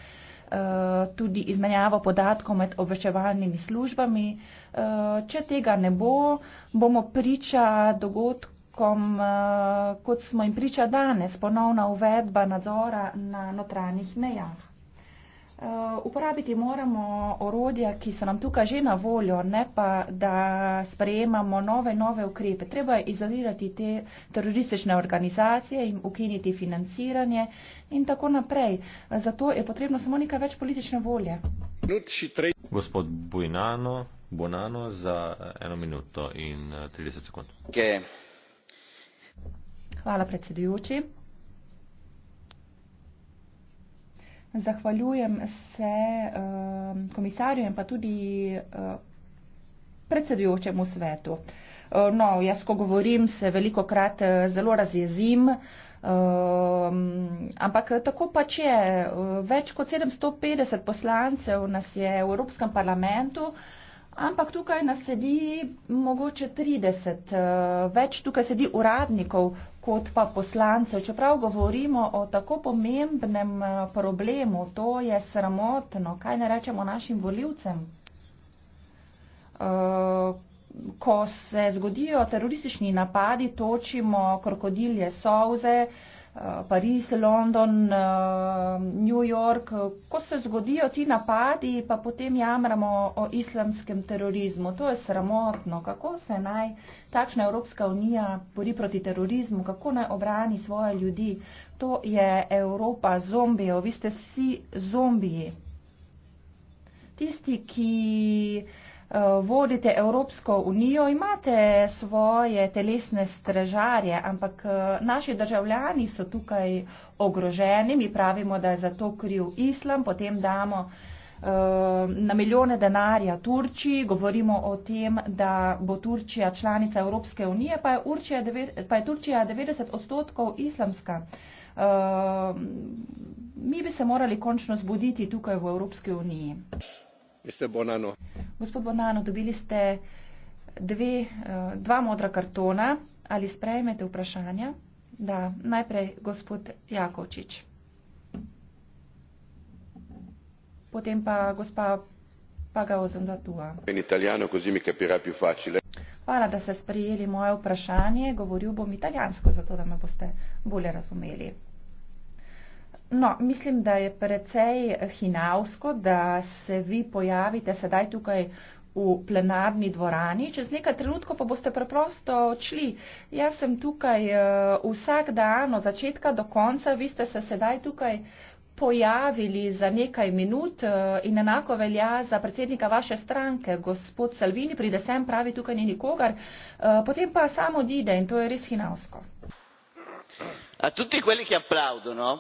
Eh, tudi izmenjavo podatkov med obveščevalnimi službami. Eh, če tega ne bo, bomo priča dogodkom, eh, kot smo jim priča danes, ponovna uvedba nadzora na notranjih mejah. Eh, uporabiti moramo orodja, ki so nam tukaj že na voljo, ne pa, da sprejemamo nove, nove ukrepe. Treba je izolirati te teroristične organizacije in ukiniti financiranje in tako naprej. Zato je potrebno samo nekaj več politične volje. Gospod Bujnano, Bonano za eh, eno minuto in 30 eh, sekund. Okay. Hvala predsedujoči. zahvaljujem se eh, komisarju in pa tudi eh, predsedujočemu svetu. Eh, no, jaz, ko govorim, se veliko krat zelo razjezim, ampak tako pač je. Več kot 750 poslancev nas je v Evropskem parlamentu, Ampak tukaj nas sedi mogoče 30, eh, več tukaj sedi uradnikov kot pa poslancev. Čeprav govorimo o tako pomembnem eh, problemu, to je sramotno, kaj ne rečemo našim voljivcem. Eh, ko se zgodijo teroristični napadi, točimo krokodilje solze. Eh, Pariz, London, eh, New York, eh, ko se zgodijo ti napadi, pa potem jamramo o islamskem terorizmu. To je sramotno. Kako se naj takšna Evropska unija bori proti terorizmu, kako naj obrani svoje ljudi? To je Evropa zombijev. Vi ste vsi zombiji. Tisti, ki. Eh, vodite Evropsko unijo, imate svoje telesne strežarje, ampak eh, naši državljani so tukaj ogroženi. Mi pravimo, da je za to kriv islam, potem damo eh, na milijone denarja Turčiji, govorimo o tem, da bo Turčija članica Evropske unije, pa je, Určija, pa je Turčija 90 odstotkov islamska. Uh, mi bi se morali končno zbuditi tukaj v Evropski uniji. Mr. Bonano. Gospod Bonano, dobili ste dve, eh, dva modra kartona. Ali sprejmete vprašanja? Da, najprej gospod Jakovčič. Potem pa gospa Pagaozondatua. In italijano, così mi capirà più facile. Hvala, da ste sprejeli moje vprašanje. Govoril bom italijansko, zato da me boste bolje razumeli. No, mislim, da je precej hinavsko, da se vi pojavite sedaj tukaj v plenarni dvorani. Čez nekaj trenutkov pa boste preprosto odšli. Jaz sem tukaj eh, vsak dan od začetka do konca, vi ste se sedaj tukaj pojavili za nekaj minut eh, in enako velja za predsednika vaše stranke, gospod Salvini, pride sem, pravi, tukaj ni nikogar, eh, potem pa samo odide in to je res hinavsko. A tutti quelli che applaudono,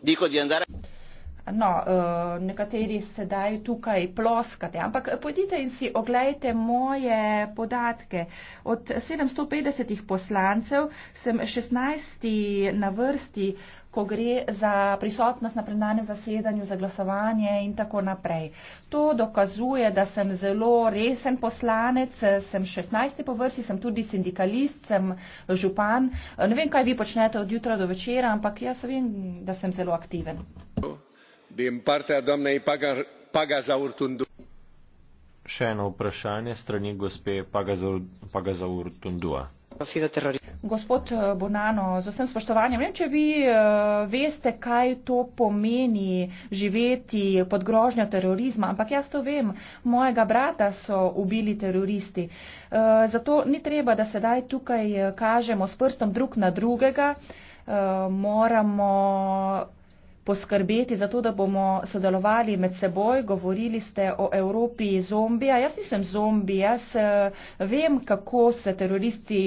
dico di andare. No, eh, nekateri sedaj tukaj ploskate, ampak pojdite in si oglejte moje podatke. Od 750 poslancev sem 16 na vrsti, ko gre za prisotnost na plenarnem zasedanju, za glasovanje in tako naprej. To dokazuje, da sem zelo resen poslanec, sem 16 po vrsti, sem tudi sindikalist, sem župan. Ne vem, kaj vi počnete od jutra do večera, ampak jaz vem, da sem zelo aktiven. Še eno vprašanje strani gospe Pagazaur Tundua. Gospod eh, Bonano, z vsem spoštovanjem, vem, če vi eh, veste, kaj to pomeni živeti pod grožnjo terorizma, ampak jaz to vem, mojega brata so ubili teroristi. Eh, zato ni treba, da sedaj tukaj kažemo s prstom drug na drugega. Moramo poskrbeti za to, da bomo sodelovali med seboj. Govorili ste o Evropi zombija. Jaz nisem zombi, jaz eh, vem, kako se teroristi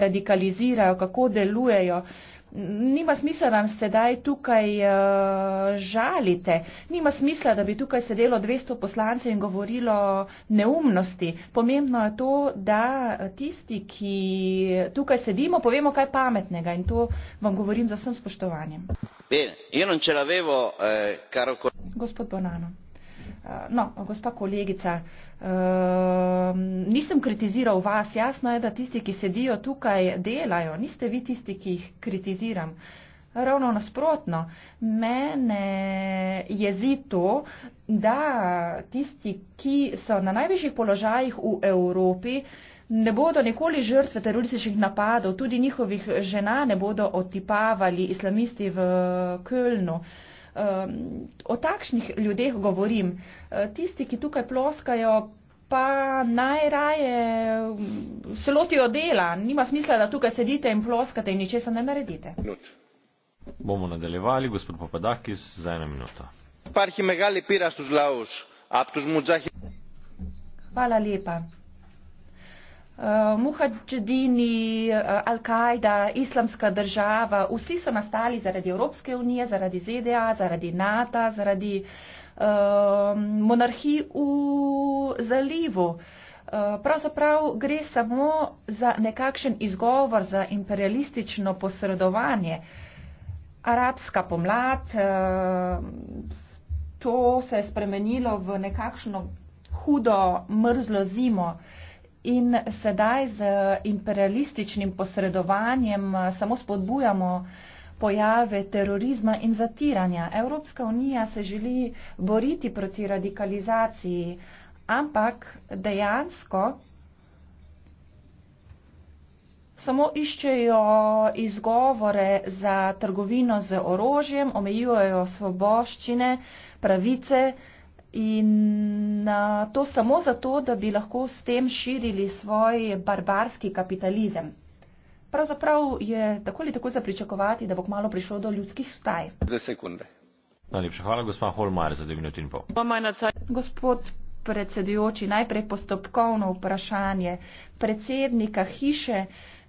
radikalizirajo, kako delujejo. Uh, nima smisla, da se daj tukaj uh, žalite. Nima smisla, da bi tukaj sedelo 200 poslancev in govorilo neumnosti. Pomembno je to, da tisti, ki tukaj sedimo, povemo kaj pametnega in to vam govorim z vsem spoštovanjem. Bene, eh, Gospod Bonano. No, gospa kolegica, ehm, nisem kritiziral vas, jasno je, da tisti, ki sedijo tukaj, delajo, niste vi tisti, ki jih kritiziram. Ravno nasprotno, mene jezi to, da tisti, ki so na najvišjih položajih v Evropi, ne bodo nikoli žrtve terorističnih napadov, tudi njihovih žena ne bodo otipavali islamisti v Kölnu. Uh, o takšnih ljudeh govorim. E, tisti, ki tukaj ploskajo, pa najraje mm, se lotijo dela. Nima smisla, da tukaj sedite in ploskate in ničesar ne naredite. Not. Bomo nadaljevali, gospod Papadakis, za eno minuto. Hvala lepa. Eh, Muhadžedini, eh, Al-Kaida, islamska država, vsi so nastali zaradi Evropske unije, zaradi ZDA, zaradi NATO, zaradi um, monarhij v zalivu. Uh, pravzaprav gre samo za nekakšen izgovor za imperialistično posredovanje. Arabska pomlad, uh, to se je spremenilo v nekakšno hudo, mrzlo zimo. Uh, In sedaj z imperialističnim posredovanjem eh, samo spodbujamo pojave terorizma in zatiranja. Evropska unija se želi boriti proti radikalizaciji, ampak dejansko samo iščejo izgovore za trgovino z orožjem, omejujejo svoboščine, pravice, In to samo zato, da bi lahko s tem širili svoj barbarski kapitalizem. Pravzaprav je tako ali tako zapričakovati, da bo kmalo prišlo do ljudskih staj. Najlepša hvala, gospod Holmar, za dve minuti in pol. Gospod predsedujoči, najprej postopkovno vprašanje predsednika hiše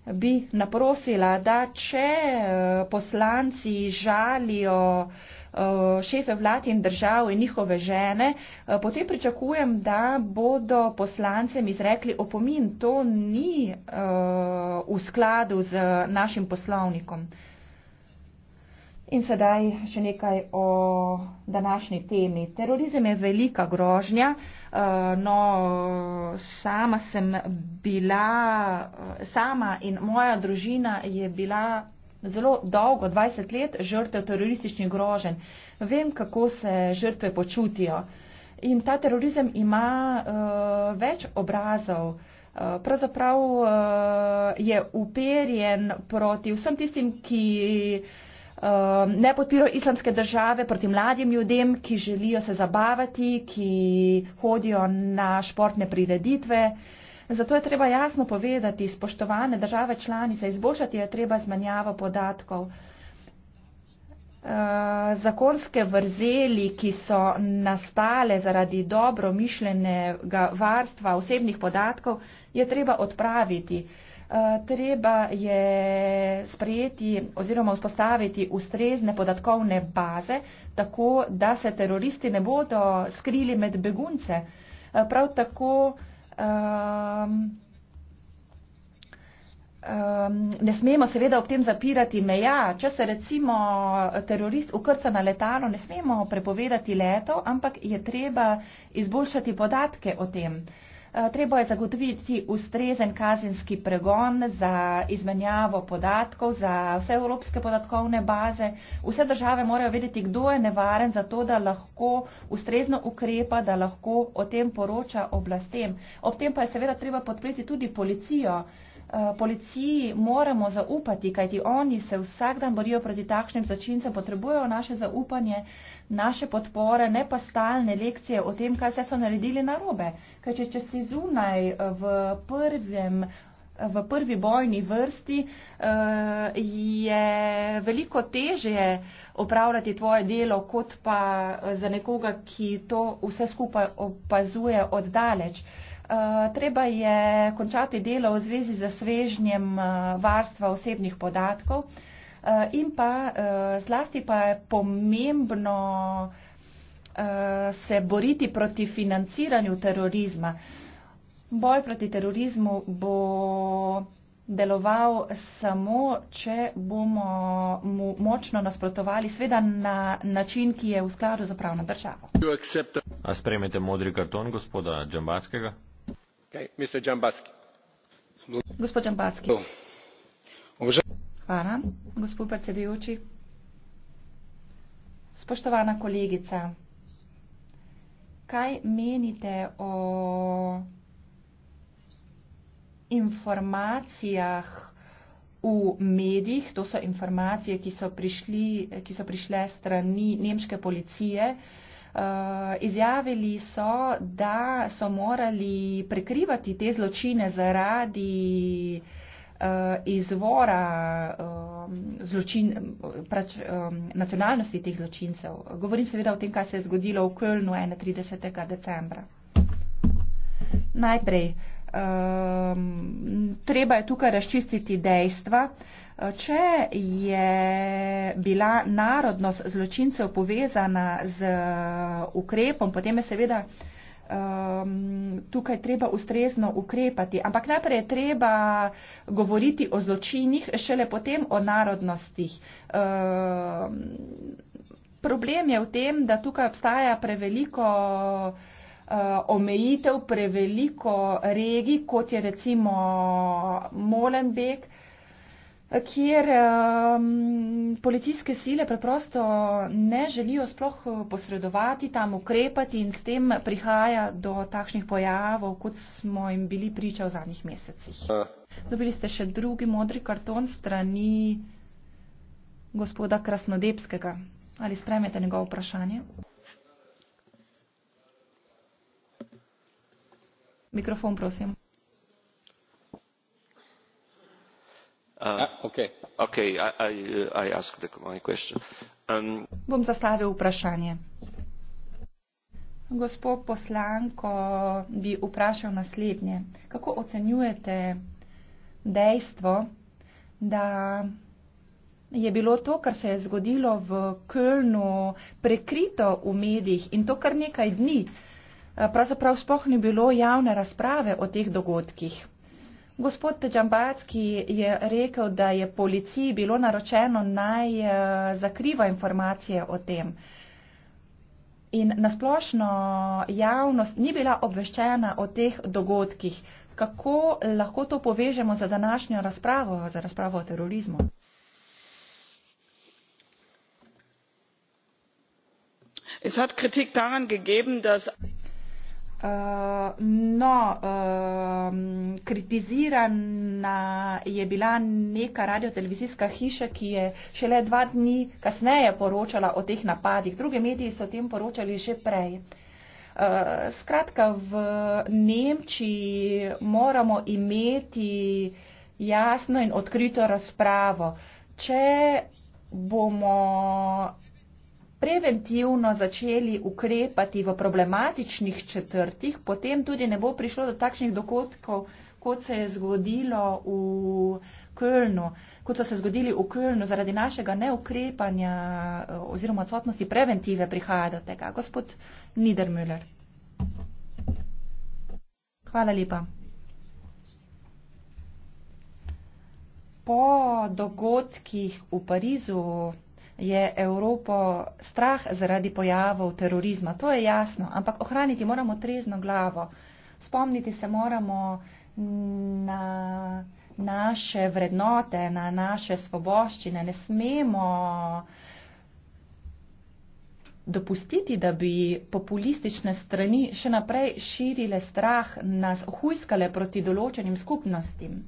bi naprosila, da če eh, poslanci žalijo, Eh, šefe vlad in držav in njihove žene, eh, potem pričakujem, da bodo poslancem izrekli opomin. To ni eh, v skladu z našim poslovnikom. In sedaj še nekaj o današnji temi. Terorizem je velika grožnja. No, sama sem bila, sama in moja družina je bila zelo dolgo, 20 let, žrtev terorističnih groženj. Vem, kako se žrtve počutijo. In ta terorizem ima uh, več obrazov. Uh, pravzaprav uh, je uperjen proti vsem tistim, ki uh, ne podpirajo islamske države, proti mladim ljudem, ki želijo se zabavati, ki hodijo na športne prireditve. Uh, Zato je treba jasno povedati, spoštovane države članice, izboljšati je treba zmanjavo podatkov. Eh, zakonske vrzeli, ki so nastale zaradi dobro mišljenega varstva osebnih podatkov, je treba odpraviti. Eh, treba je sprejeti oziroma vzpostaviti ustrezne podatkovne baze, tako da se teroristi ne bodo skrili med begunce. Eh, prav tako Um, um, ne smemo seveda ob tem zapirati meja. Če se recimo terorist ukrca na letalo, ne smemo prepovedati letov, ampak je treba izboljšati podatke o tem. Uh, Eh, treba je zagotoviti ustrezen kazenski pregon za izmenjavo podatkov, za vse evropske podatkovne baze. Vse države morajo vedeti, kdo je nevaren za to, da lahko ustrezno ukrepa, da lahko o tem poroča oblastem. Ob tem pa je seveda treba podpreti tudi policijo. Eh, policiji moramo zaupati, kajti oni se vsak dan borijo proti takšnim začincem, potrebujejo naše zaupanje naše podpore, ne pa stalne lekcije o tem, kaj vse so naredili na robe. Ker če, če si zunaj eh, v, prvem, v prvi bojni vrsti, eh, je veliko težje opravljati tvoje delo, kot pa eh, za nekoga, ki to vse skupaj opazuje oddaleč. Treba je končati delo v zvezi z osvežnjem varstva osebnih podatkov. Eh, in pa eh, zlasti pa je pomembno eh, se boriti proti financiranju terorizma. Boj proti terorizmu bo deloval samo, če bomo mu močno nasprotovali, sveda na način, ki je v skladu z pravno državo. A sprejmete modri karton gospoda Džambatskega? Okay, Gospod Džambatski. Gospod Džambatski. Hvala, gospod predsedujoči. Spoštovana kolegica, kaj menite o informacijah v medijih, to so informacije, ki so, prišli, ki so prišle strani nemške policije, Uh, izjavili so, da so morali prekrivati te zločine zaradi uh, Eh, izvora eh, zločin, prač, eh, nacionalnosti teh zločincev. Govorim seveda o tem, kaj se je zgodilo v Kölnu 31. decembra. Najprej, ehm, treba je tukaj razčistiti dejstva. Če je bila narodnost zločincev povezana z ukrepom, potem je seveda uh, um, tukaj treba ustrezno ukrepati. Ampak najprej je treba govoriti o zločinih, šele potem o narodnostih. Um, problem je v tem, da tukaj obstaja preveliko uh, omejitev preveliko regij, kot je recimo Molenbeek, kjer um, policijske sile preprosto ne želijo sploh eh, posredovati, tam ukrepati in s tem prihaja do takšnih pojavov, kot smo jim bili priča v zadnjih mesecih. Eh. Dobili ste še drugi modri karton strani gospoda Krasnodebskega. Ali spremete njegovo vprašanje? Mikrofon, prosim. bom zastavil vprašanje. Gospod poslanko bi vprašal naslednje. Kako ocenjujete dejstvo, da je bilo to, kar se je zgodilo v Kölnu, prekrito v medijih in to kar nekaj dni, eh, pravzaprav spohni bilo javne razprave o teh dogodkih? Gospod Džambacki je rekel, da je policiji bilo naročeno naj eh, zakriva informacije o tem. In nasplošno javnost ni bila obveščena o teh dogodkih. Kako lahko to povežemo za današnjo razpravo, za razpravo o terorizmu? Es hat Kritik daran gegeben, dass Uh, no, uh, kritizirana je bila neka radiotelevizijska hiša, ki je šele dva dni kasneje poročala o teh napadih. Druge mediji so o tem poročali že prej. Uh, skratka, v Nemčiji moramo imeti jasno in odkrito razpravo. Če bomo preventivno začeli ukrepati v problematičnih četrtih, potem tudi ne bo prišlo do takšnih dogodkov, kot se je zgodilo v Kölnu, kot so se zgodili v Kölnu zaradi našega neukrepanja eh, oziroma odsotnosti preventive prihaja do tega. Gospod Niedermüller. Hvala lepa. Po dogodkih v Parizu je Evropo strah zaradi pojavov terorizma. To je jasno, ampak ohraniti moramo trezno glavo. Spomniti se moramo na naše vrednote, na naše svoboščine. Ne smemo dopustiti, da bi populistične strani še naprej širile strah, nas ohujskale proti določenim skupnostim.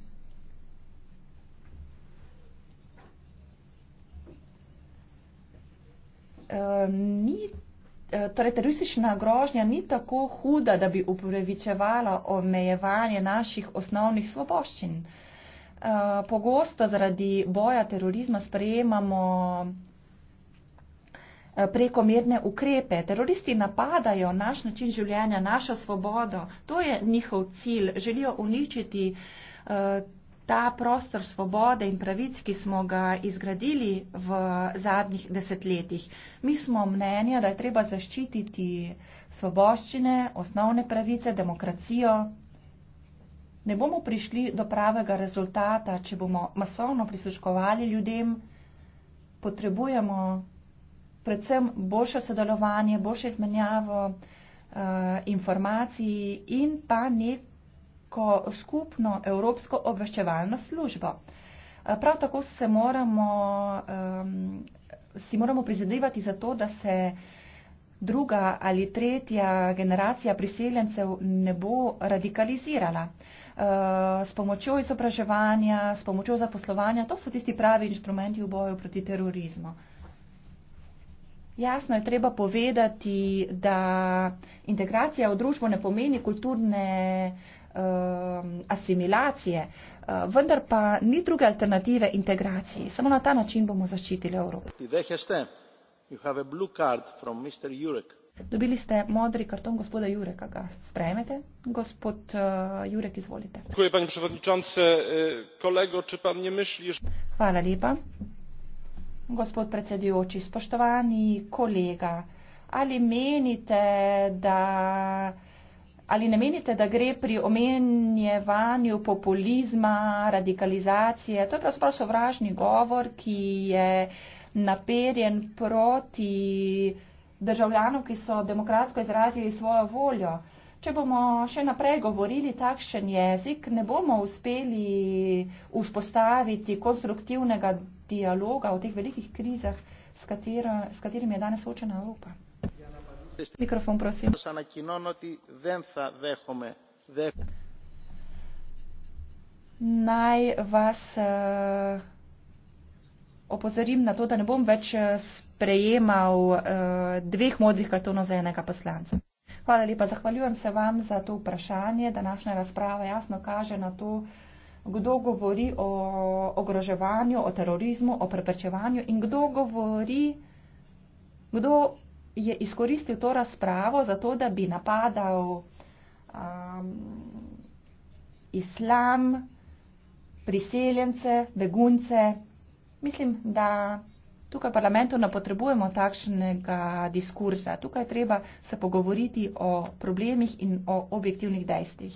Eh, ni, eh, torej teroristična grožnja ni tako huda, da bi upravičevala omejevanje naših osnovnih svoboščin. Eh, pogosto zaradi boja terorizma sprejemamo prekomerne ukrepe. Teroristi napadajo naš način življenja, našo svobodo. To je njihov cilj. Želijo uničiti ta prostor svobode in pravic, ki smo ga izgradili v zadnjih desetletjih. Mi smo mnenja, da je treba zaščititi svoboščine, osnovne pravice, demokracijo. Ne bomo prišli do pravega rezultata, če bomo masovno prisluškovali ljudem. Potrebujemo predvsem boljše sodelovanje, boljše izmenjavo uh, informacij in pa nek neko skupno evropsko obveščevalno službo. Eh, prav tako se moramo, si moramo prizadevati za to, da se druga ali tretja generacija priseljencev ne bo radikalizirala. Eh, s pomočjo izobraževanja, s pomočjo zaposlovanja, to so tisti pravi inštrumenti v boju proti terorizmu. Jasno je treba povedati, da integracija v družbo ne pomeni kulturne uh, Um, asimilacije, uh, vendar pa ni druge alternative integraciji. Samo na ta način bomo zaščitili Evropo. Dobili ste modri karton gospoda Jureka. Ga sprejmete? Gospod uh, Jurek, izvolite. E, kolego, Hvala lepa. Gospod predsedujoči, spoštovani kolega, ali menite, da Ali ne menite, da gre pri omenjevanju populizma, radikalizacije, to je pravzaprav sovražni govor, ki je naperjen proti državljanom, ki so demokratsko izrazili svojo voljo. Če bomo še naprej govorili takšen jezik, ne bomo uspeli vzpostaviti konstruktivnega dialoga o teh velikih krizah, s, katero, s katerim je danes soočena Evropa σα ανακοινώνω ότι δεν θα δέχομαι. Naj vas opozorim na to, da ne bom več sprejemal dveh modrih kartonov za enega poslanca. Hvala lepa. Zahvaljujem se vam za to vprašanje. Današnja razprava jasno kaže na to, kdo govori o ogroževanju, o terorizmu, o preprečevanju in kdo govori, kdo je izkoristil to razpravo za to, da bi napadal um, islam, priseljence, begunce. Mislim, da tukaj v parlamentu ne potrebujemo takšnega diskurza. Tukaj treba se pogovoriti o problemih in o objektivnih dejstvih.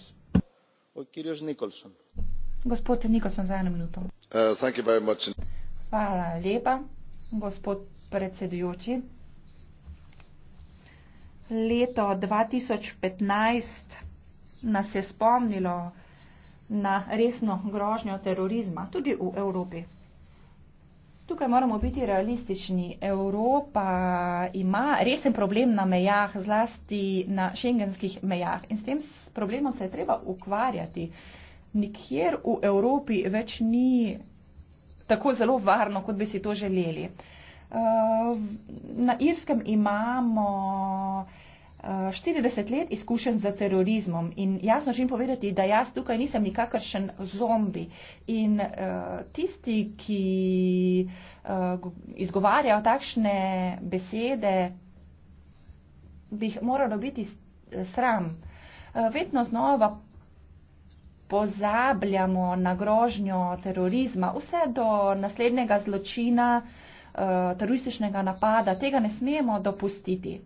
Gospod Nikolson, za eno minuto. Uh, Hvala lepa, gospod predsedujoči leto 2015 nas je spomnilo na resno grožnjo terorizma, tudi v Evropi. Tukaj moramo biti realistični. Evropa ima resen problem na mejah, zlasti na šengenskih mejah. In s tem problemom se je treba ukvarjati. Nikjer v Evropi več ni tako zelo varno, kot bi si to želeli. Eh, na Irskem imamo 40 eh, let izkušen za terorizmom in jasno želim povedati, da jaz tukaj nisem nikakršen zombi in uh, tisti, ki uh, izgovarjajo takšne besede, bi jih moralo biti sram. Uh, vedno znova pozabljamo na grožnjo terorizma, vse do naslednjega zločina uh, Eh, terorističnega napada. Tega ne smemo dopustiti.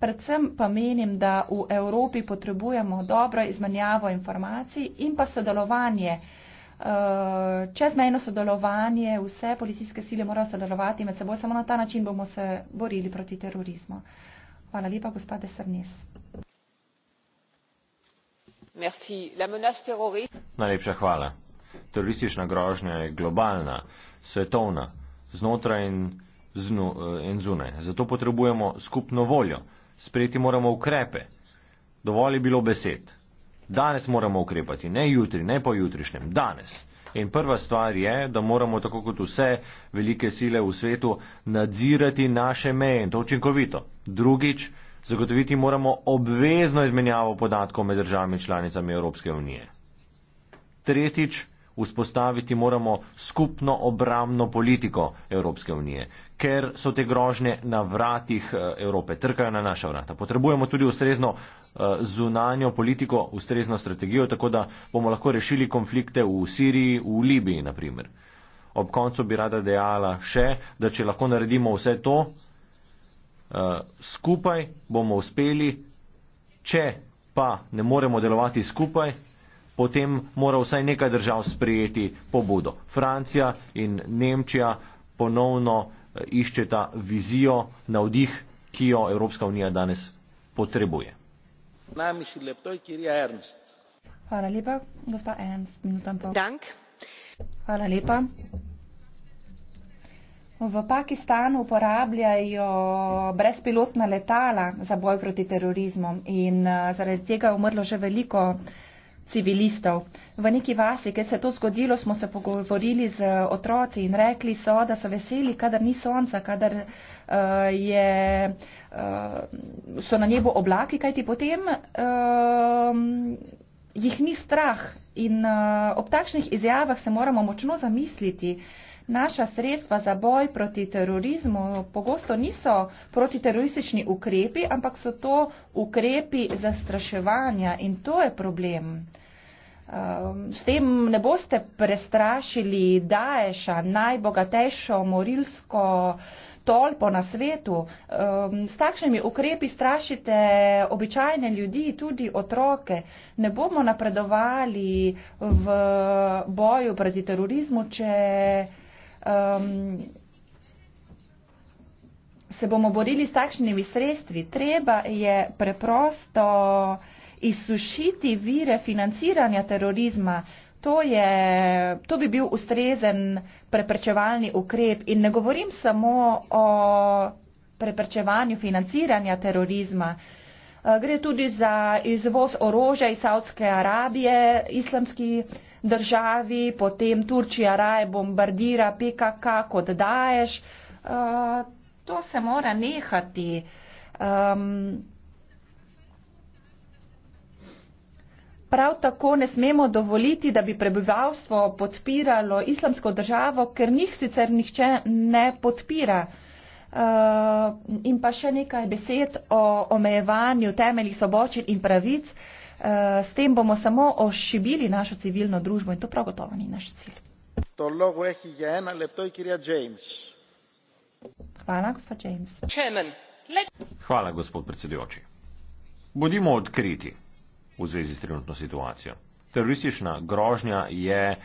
Predvsem pa menim, da v Evropi potrebujemo dobro izmenjavo informacij in pa sodelovanje. Eh, čezmejno sodelovanje, vse policijske sile morajo sodelovati med seboj, samo na ta način bomo se borili proti terorizmu. Hvala lepa, gospod Desernis. Najlepša hvala. Teroristična grožnja je globalna, svetovna znotraj in, znu, eh, in zunaj. Zato potrebujemo skupno voljo, sprejeti moramo ukrepe. Dovolj je bilo besed. Danes moramo ukrepati, ne jutri, ne po jutrišnjem, danes. In prva stvar je, da moramo, tako kot vse velike sile v svetu, nadzirati naše meje in to učinkovito. Drugič, zagotoviti moramo obvezno izmenjavo podatkov med državami članicami Evropske unije. Tretjič, Vzpostaviti moramo skupno obramno politiko Evropske unije, ker so te grožnje na vratih eh, Evrope, trkajo na naša vrata. Potrebujemo tudi ustrezno eh, zunanjo politiko, ustrezno strategijo, tako da bomo lahko rešili konflikte v Siriji, v Libiji naprimer. Ob koncu bi rada dejala še, da če lahko naredimo vse to, eh, skupaj bomo uspeli, če pa ne moremo delovati skupaj, potem mora vsaj nekaj držav sprejeti pobudo. Francija in Nemčija ponovno eh, iščeta vizijo na vdih, ki jo Evropska unija danes potrebuje. Hvala lepa, gospa Ernst, minuta in pol. Dank. Hvala lepa. V Pakistanu uporabljajo brezpilotna letala za boj proti terorizmu in eh, zaradi tega je umrlo že veliko civilistov. V neki vasi, kjer se je to zgodilo, smo se pogovorili z otroci in rekli so, da so veseli, kadar ni sonca, kadar uh, je, uh, so na nebu oblaki, kajti potem uh, jih ni strah. In uh, ob takšnih izjavah se moramo močno zamisliti, uh, naša sredstva za boj proti terorizmu pogosto niso protiteroristični ukrepi, ampak so to ukrepi zastraševanja in to je problem. Ehm, s tem ne boste prestrašili Daeša, najbogatejšo morilsko tolpo na svetu. Ehm, s takšnimi ukrepi strašite običajne ljudi, tudi otroke. Ne bomo napredovali v boju proti terorizmu, če um, se bomo borili s takšnimi sredstvi. Treba je preprosto izsušiti vire financiranja terorizma. To, je, to bi bil ustrezen preprečevalni ukrep in ne govorim samo o preprečevanju financiranja terorizma. Gre tudi za izvoz orožja iz Saudske Arabije, islamski uh, državi, potem Turčija raje bombardira PKK kot Daješ. Uh, eh, to se mora nehati. Um, prav tako ne smemo dovoliti, da bi prebivalstvo podpiralo islamsko državo, ker njih sicer nihče ne podpira. Uh, in pa še nekaj besed o omejevanju temeljih soboči in pravic. Uh, Eh, s tem bomo samo ošibili našo civilno družbo in to prav gotovo ni naš cilj. Hvala, James. Chairman, let... Hvala, gospod predsedujoči. Bodimo odkriti v zvezi s trenutno situacijo. Teroristična grožnja je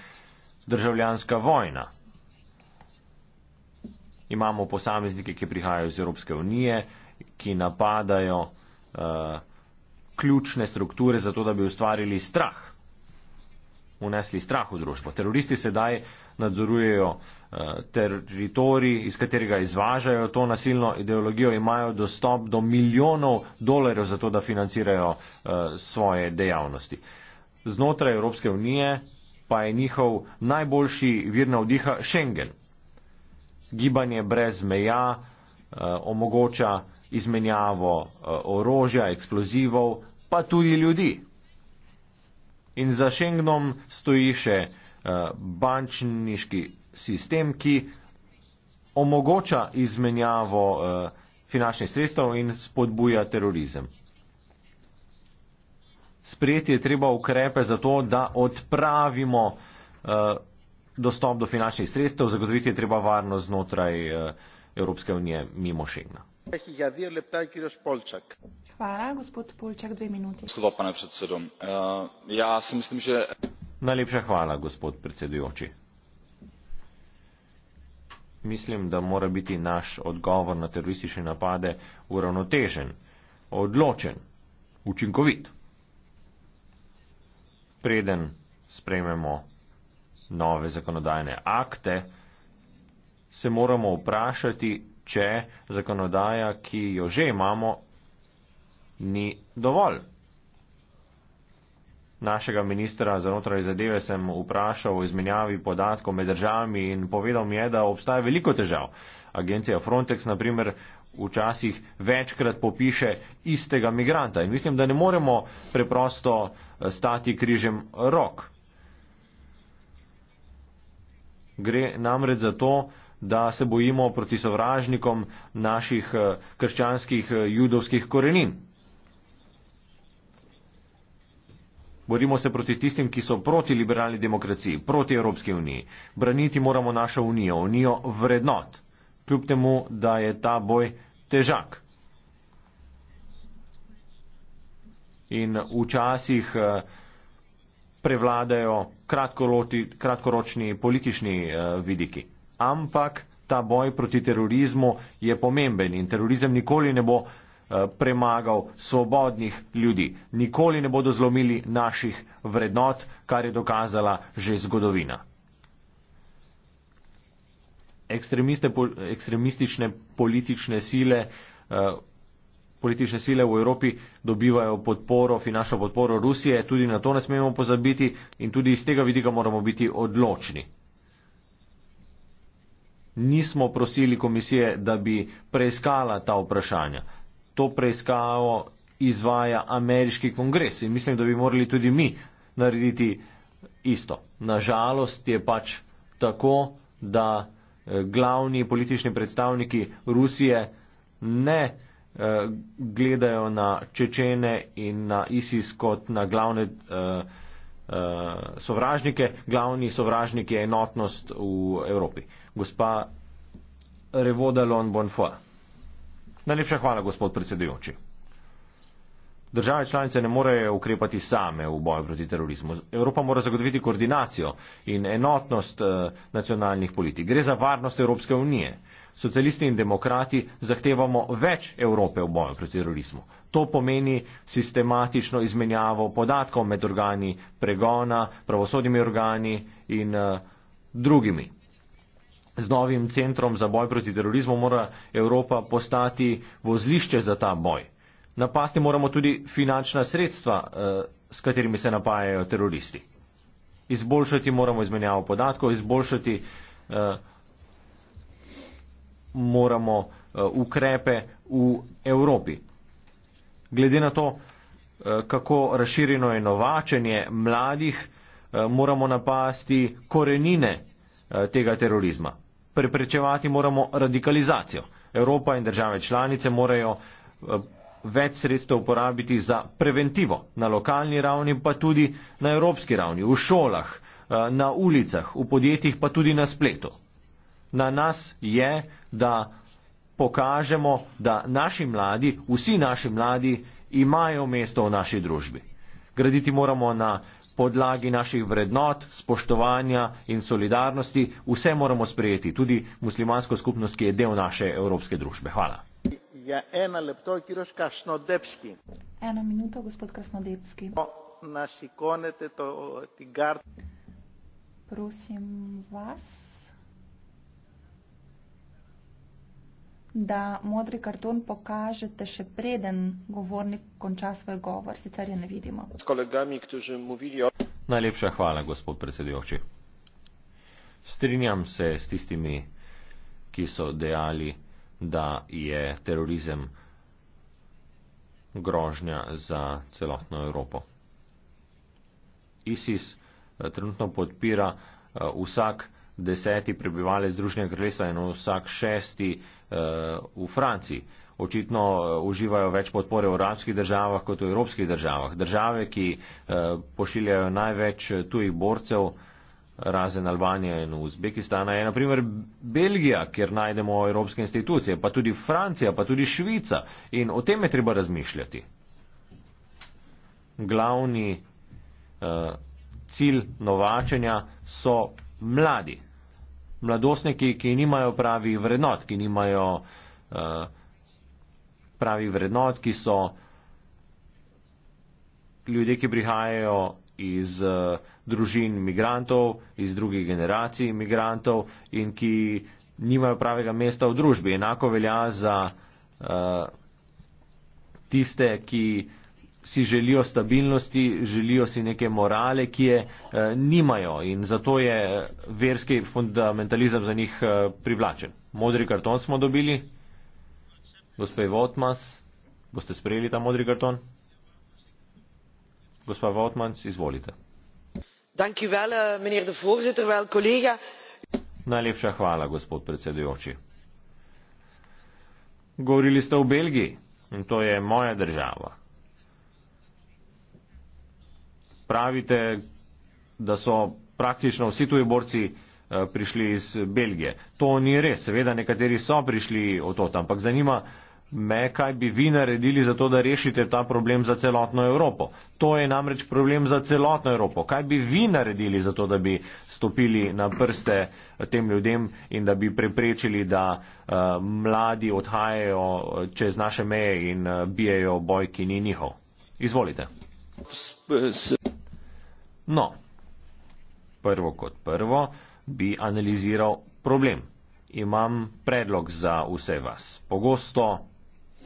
državljanska vojna. Imamo posameznike, ki prihajajo iz Evropske unije, ki napadajo uh, ključne strukture za to, da bi ustvarili strah, unesli strah v družbo. Teroristi sedaj nadzorujejo eh, teritorij, iz katerega izvažajo to nasilno ideologijo, imajo dostop do milijonov dolarjev za to, da financirajo eh, svoje dejavnosti. Znotraj Evropske unije pa je njihov najboljši vir navdiha Schengen. Gibanje brez meja eh, omogoča izmenjavo orožja, eksplozivov, pa tudi ljudi. In za Schengenom stoji še eh, bančniški sistem, ki omogoča izmenjavo eh, finančnih sredstev in spodbuja terorizem. Sprejeti je treba ukrepe za to, da odpravimo eh, dostop do finančnih sredstev, zagotoviti je treba varnost znotraj Evropske unije mimo Schengena. Eh, ja, najlepša hvala gospod predsedujoči mislim da mora biti naš odgovor na teroristične napade uravnotežen odločen učinkovit preden sprejmemo nove zakonodajne akte se moramo vprašati če zakonodaja ki jo že imamo ni dovolj. Našega ministra za notranje zadeve sem vprašal o izmenjavi podatkov med državami in povedal mi je, da obstaja veliko težav. Agencija Frontex, na primer, včasih večkrat popiše istega migranta in mislim, da ne moremo preprosto eh, stati križem rok. Gre namreč za to, da se bojimo proti sovražnikom naših eh, krščanskih eh, judovskih korenin. Borimo se proti tistim, ki so proti liberalni demokraciji, proti Evropski uniji. Braniti moramo našo unijo, unijo vrednot, kljub temu, da je ta boj težak. In včasih eh, prevladajo kratkoročni politični eh, vidiki. Ampak ta boj proti terorizmu je pomemben in terorizem nikoli ne bo Eh, premagal svobodnih ljudi. Nikoli ne bodo zlomili naših vrednot, kar je dokazala že zgodovina. Ekstremistične politične sile, eh, politične sile v Evropi dobivajo podporo, finančno podporo Rusije, tudi na to ne smemo pozabiti in tudi iz tega vidika moramo biti odločni. Nismo prosili komisije, da bi preiskala ta vprašanja to preiskavo izvaja ameriški kongres in mislim, da bi morali tudi mi narediti isto. Nažalost je pač tako, da eh, glavni politični predstavniki Rusije ne eh, gledajo na Čečene in na ISIS kot na glavne eh, sovražnike. Glavni sovražnik je enotnost v Evropi. Gospa Revodalon Bonfoy. Najlepša hvala, gospod predsedujoči. Države članice ne morejo ukrepati same v boju proti terorizmu. Evropa mora zagotoviti koordinacijo in enotnost eh, nacionalnih politik. Gre za varnost Evropske unije. Socialisti in demokrati zahtevamo več Evrope v boju proti terorizmu. To pomeni sistematično izmenjavo podatkov med organi pregona, pravosodnimi organi in eh, drugimi z novim centrom za boj proti terorizmu mora Evropa postati vozlišče za ta boj. Napasti moramo tudi finančna sredstva, eh, s katerimi se napajajo teroristi. Izboljšati moramo izmenjavo podatkov, izboljšati eh, moramo eh, ukrepe v Evropi. Glede na to, kako razširjeno je novačenje mladih, moramo napasti korenine tega terorizma preprečevati moramo radikalizacijo. Evropa in države članice morajo eh, več sredstev uporabiti za preventivo, na lokalni ravni pa tudi na evropski ravni, v šolah, eh, na ulicah, v podjetjih pa tudi na spletu. Na nas je, da pokažemo, da naši mladi, vsi naši mladi imajo mesto v naši družbi. Graditi moramo na podlagi naših vrednot, spoštovanja in solidarnosti vse moramo sprejeti, tudi muslimansko skupnost, ki je del naše evropske družbe. Hvala. Ja, ena lepto, kiroš Krasnodebski. Ena minuta, gospod Krasnodebski. O, no, nasikonete to, o, Prosim vas. da modri karton pokažete še preden govornik konča svoj govor, sicer je ne vidimo. S kolegami, ki mu vidijo. Najlepša hvala, gospod predsedujoči. Strinjam se s tistimi, ki so dejali, da je terorizem grožnja za celotno Evropo. ISIS eh, trenutno podpira eh, vsak deseti prebivalec Združenega kraljestva in vsak šesti eh, v Franciji. Očitno eh, uživajo več podpore v arabskih državah kot v evropskih državah. Države, ki eh, pošiljajo največ tujih borcev, razen Albanije in Uzbekistana, je naprimer Belgija, kjer najdemo evropske institucije, pa tudi Francija, pa tudi Švica. In o tem je treba razmišljati. Glavni uh, cilj novačenja so mladi mladostniki, ki nimajo pravih vrednot, ki nimajo uh, pravih vrednot, ki so ljudje, ki prihajajo iz uh, družin migrantov, iz drugih generacij migrantov in ki nimajo pravega mesta v družbi. Enako velja za uh, tiste, ki uh, si želijo stabilnosti, želijo si neke morale, ki je eh, nimajo in zato je eh, verski fundamentalizem za njih eh, privlačen. Modri karton smo dobili, gospod Votmas, boste sprejeli ta modri karton? Gospod Votmans, izvolite. Wel, de wel, kolega. Najlepša hvala, gospod predsedujoči. Govorili ste o Belgiji in to je moja država. pravite, da so praktično vsi tuji borci eh, prišli iz eh, Belgije. To ni res. Seveda nekateri so prišli od to, ampak zanima me, kaj bi vi naredili za to, da rešite ta problem za celotno Evropo. To je namreč problem za celotno Evropo. Kaj bi vi naredili za to, da bi stopili na prste eh, tem ljudem in da bi preprečili, da uh, mladi odhajajo čez naše meje in uh, bijajo boj, ki ni njihov? Izvolite. S, s, No, prvo kot prvo bi analiziral problem. Imam predlog za vse vas. Pogosto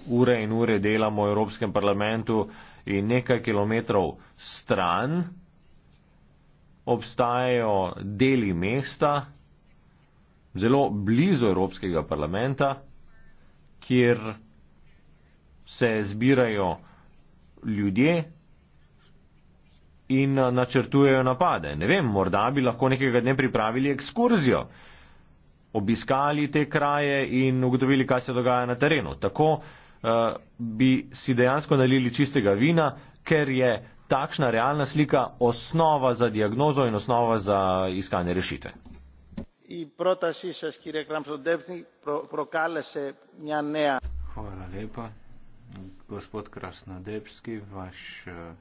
ure in ure delamo v Evropskem parlamentu in nekaj kilometrov stran obstajajo deli mesta, zelo blizu Evropskega parlamenta, kjer se zbirajo ljudje, in eh, načrtujejo napade. Ne vem, morda bi lahko nekega dne pripravili ekskurzijo, obiskali te kraje in ugotovili, kaj se dogaja na terenu. Tako uh, bi si dejansko nalili čistega vina, ker je takšna realna slika osnova za diagnozo in osnova za iskanje rešitve. Hvala lepa. Gospod Krasnodebski, vaš. Uh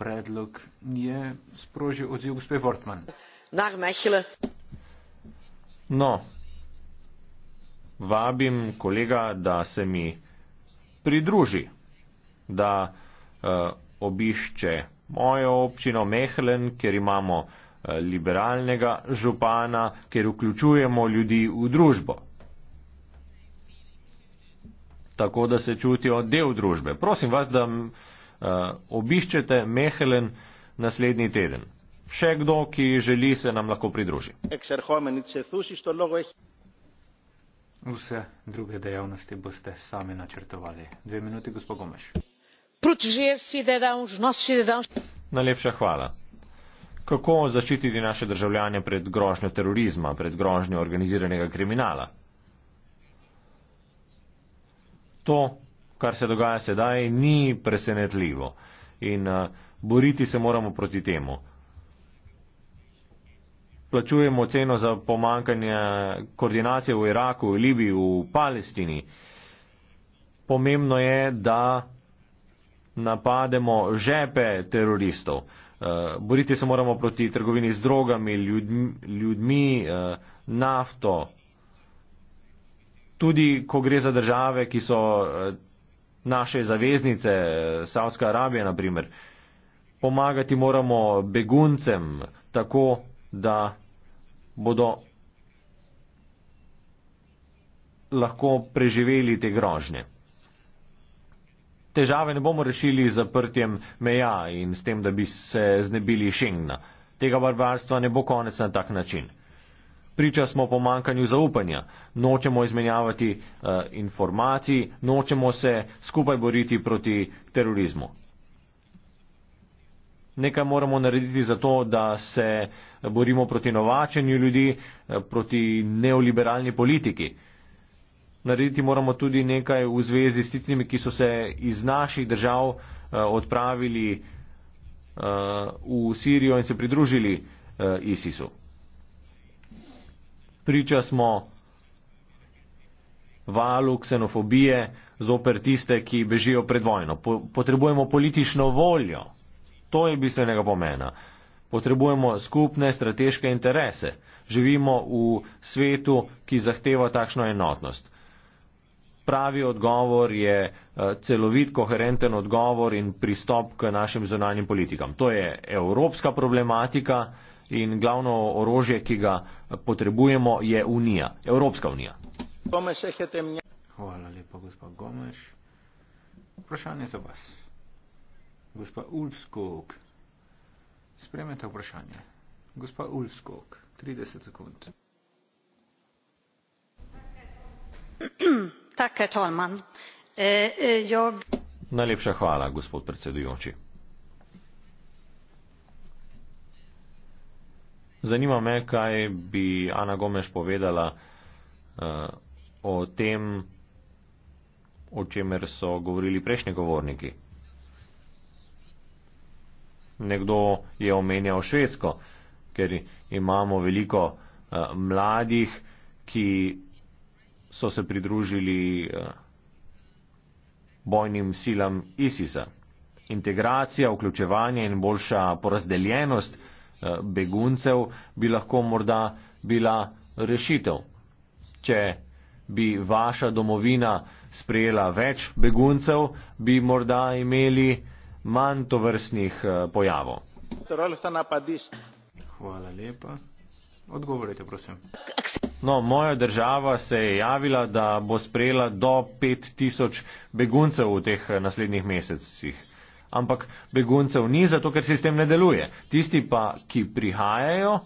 predlog je sprožil odziv gospe Wortman. Dag Mechelen. No, vabim kolega, da se mi pridruži, da uh, obišče mojo občino Mehlen, ker imamo uh, liberalnega župana, ker vključujemo ljudi v družbo. Tako da se čutijo del družbe. Prosim vas, da. M, uh, Eh, obiščete Mehelen naslednji teden. Še kdo, ki želi, se nam lahko pridruži. Vse druge dejavnosti boste sami načrtovali. Dve minuti, gospod Gomeš. Najlepša hvala. Kako zaščititi naše državljane pred grožnjo terorizma, pred grožnjo organiziranega kriminala? To kar se dogaja sedaj, ni presenetljivo. In uh, boriti se moramo proti temu. Plačujemo ceno za pomankanje koordinacije v Iraku, v Libiji, v Palestini. Pomembno je, da napademo žepe teroristov. Uh, boriti se moramo proti trgovini z drogami, ljudmi, ljudmi uh, nafto. Tudi, ko gre za države, ki so uh, naše zaveznice, Saudska Arabija naprimer. Pomagati moramo beguncem tako, da bodo lahko preživeli te grožnje. Težave ne bomo rešili z zaprtjem meja in s tem, da bi se znebili Schengna. Tega barbarstva ne bo konec na tak način priča smo pomankanju zaupanja, nočemo izmenjavati uh, informacij, nočemo se skupaj boriti proti terorizmu. Nekaj moramo narediti za to, da se borimo proti novačenju ljudi, eh, proti neoliberalni politiki. Narediti moramo tudi nekaj v zvezi s tistimi, ki so se iz naših držav eh, odpravili v Sirijo in se pridružili ISIS-u priča smo valu ksenofobije zoper tiste, ki bežijo pred vojno. Potrebujemo politično voljo. To je bistvenega pomena. Potrebujemo skupne strateške interese. Živimo v svetu, ki zahteva takšno enotnost. Pravi odgovor je eh, celovit, koherenten odgovor in pristop k našim zunanjim politikam. To je evropska problematika in glavno orožje, ki ga potrebujemo, je Unija, Evropska unija. Hvala lepa, gospa Gomeš. Vprašanje za vas. Gospa Ulfskog, spremete vprašanje. Gospa Ulfskog, 30 sekund. Tak, Herr Tolman. Eh, eh, Najlepša hvala, gospod predsedujoči. Zanima me, kaj bi Ana Gomeš povedala uh, o tem, o čemer so govorili prejšnji govorniki. Nekdo je omenjal Švedsko, ker imamo veliko uh, mladih, ki so se pridružili uh, bojnim silam ISIS-a. Integracija, vključevanje in boljša porazdeljenost uh, Eh, beguncev bi lahko morda bila rešitev. Če bi vaša domovina sprejela več beguncev, bi morda imeli manj tovrstnih eh, pojavov. Hvala lepa. Odgovorite, prosim. No, moja država se je javila, da bo sprejela do 5000 beguncev v teh eh, naslednjih mesecih ampak beguncev ni, zato ker sistem ne deluje. Tisti pa, ki prihajajo,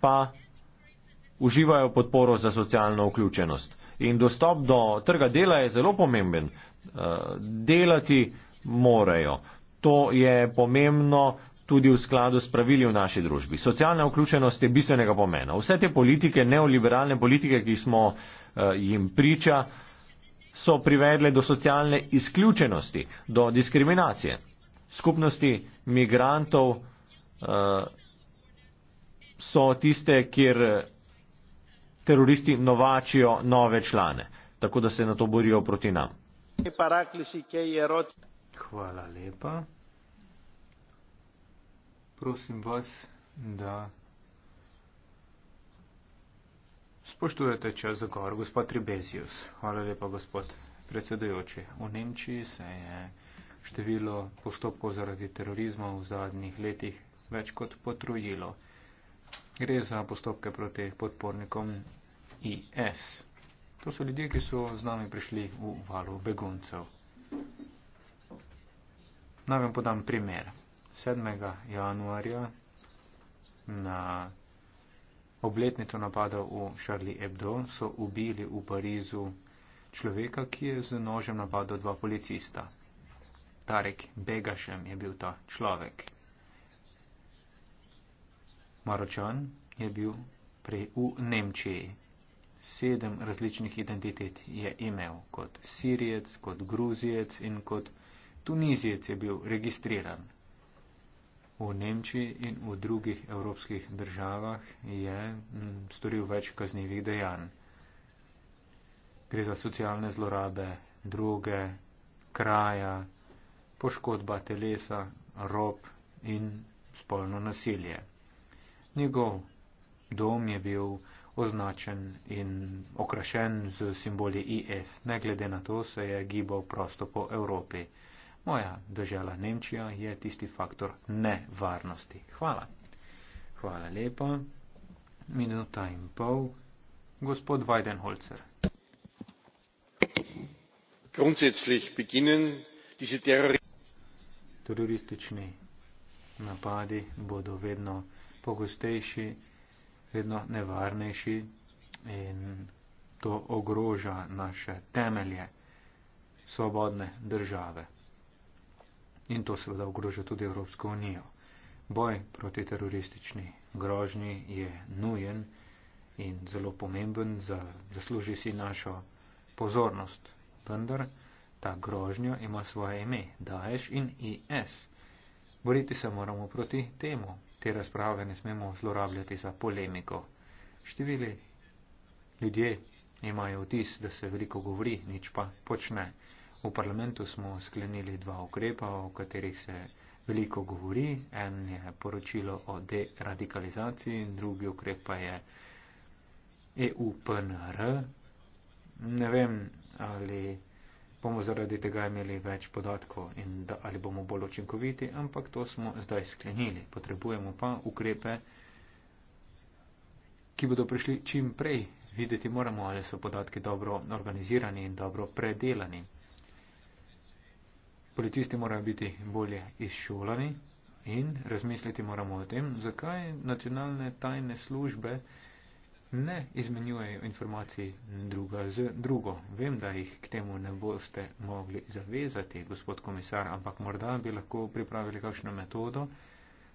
pa uživajo podporo za socialno vključenost. In dostop do trga dela je zelo pomemben. Eh, delati morajo. To je pomembno tudi v skladu s pravili v naši družbi. Socialna vključenost je bistvenega pomena. Vse te politike, neoliberalne politike, ki smo eh, jim priča, so privedle do socialne izključenosti, do diskriminacije. Skupnosti migrantov uh, so tiste, kjer eh, teroristi novačijo nove člane, tako da se na to borijo proti nam. Hvala lepa. Prosim vas, da Spoštujete čas za govor, gospod Tribezius. Hvala lepa, gospod predsedujoči. V Nemčiji se je število postopkov zaradi terorizma v zadnjih letih več kot potrujilo. Gre za postopke proti podpornikom IS. To so ljudje, ki so z nami prišli v valu beguncev. Naj vam podam primer. 7. januarja na obletnico napada v Charlie Hebdo so ubili v Parizu človeka, ki je z nožem napadal dva policista. Tarek Begašem je bil ta človek. Maročan je bil prej v Nemčiji. Sedem različnih identitet je imel, kot Sirijec, kot Gruzijec in kot Tunizijec je bil registriran v Nemčiji in v drugih evropskih državah je mm, storil več kaznjivih dejanj. Gre za socialne zlorabe, druge, kraja, poškodba telesa, rob in spolno nasilje. Njegov dom je bil označen in okrašen z simboli IS. Ne glede na to se je gibal prosto po Evropi. Moja država Nemčija je tisti faktor nevarnosti. Hvala. Hvala lepa. Minuta in pol. Gospod Weidenholzer. Teroristični napadi bodo vedno pogostejši, vedno nevarnejši in to ogroža naše temelje svobodne države in to seveda ogroža tudi Evropsko unijo. Boj proti teroristični grožnji je nujen in zelo pomemben, za, zasluži si našo pozornost. Vendar ta grožnja ima svoje ime, Daesh in IS. Boriti se moramo proti temu. Te razprave ne smemo zlorabljati za polemiko. Števili ljudje imajo vtis, da se veliko govori, nič pa počne. V parlamentu smo sklenili dva ukrepa, o katerih se veliko govori. En je poročilo o deradikalizaciji in drugi ukrep pa je EUPNR. Ne vem, ali bomo zaradi tega imeli več podatkov in da, ali bomo bolj očinkoviti, ampak to smo zdaj sklenili. Potrebujemo pa ukrepe, ki bodo prišli čim prej. Videti moramo, ali so podatki dobro organizirani in dobro predelani. Policisti morajo biti bolje izšolani in razmisliti moramo o tem, zakaj nacionalne tajne službe ne izmenjujejo informacij druga z drugo. Vem, da jih k temu ne boste mogli zavezati, gospod komisar, ampak morda bi lahko pripravili kakšno metodo,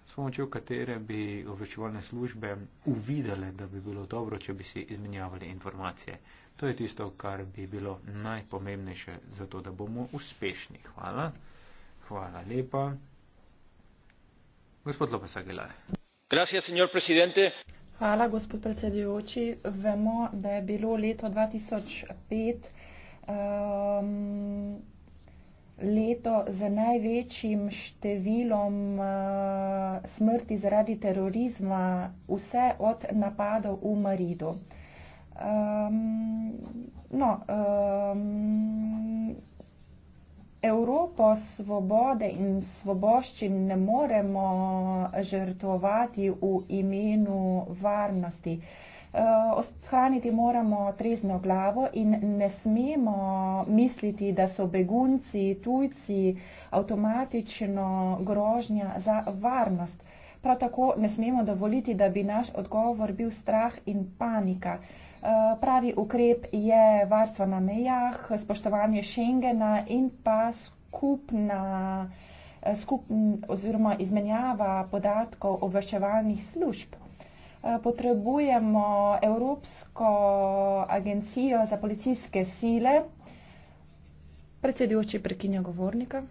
s pomočjo katere bi obveščevalne službe uvidele, da bi bilo dobro, če bi si izmenjavali informacije. To je tisto, kar bi bilo najpomembnejše za to, da bomo uspešni. Hvala. Hvala lepa. Gospod Lopes Aguilar. Gracias, señor presidente. Hvala, gospod predsedujoči. Vemo, da je bilo leto 2005 um, leto z največjim številom uh, smrti zaradi terorizma, vse od napadov v Maridu. Ehm, no, um, Evropo svobode in svoboščin ne moremo žrtvovati v imenu varnosti. Ehm, Ostaniti moramo trezno glavo in ne smemo misliti, da so begunci, tujci avtomatično grožnja za varnost. Prav tako ne smemo dovoliti, da bi naš odgovor bil strah in panika. Uh, Eh, pravi ukrep je varstvo na mejah, spoštovanje Schengena in pa skupna eh, skupn, oziroma izmenjava podatkov obveščevalnih služb. Eh, potrebujemo Evropsko agencijo za policijske sile. Predsedujoči prekinja govornika.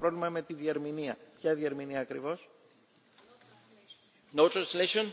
Problem je med diarminija. Kaj je diarminija, krivoš? No translation. No translation.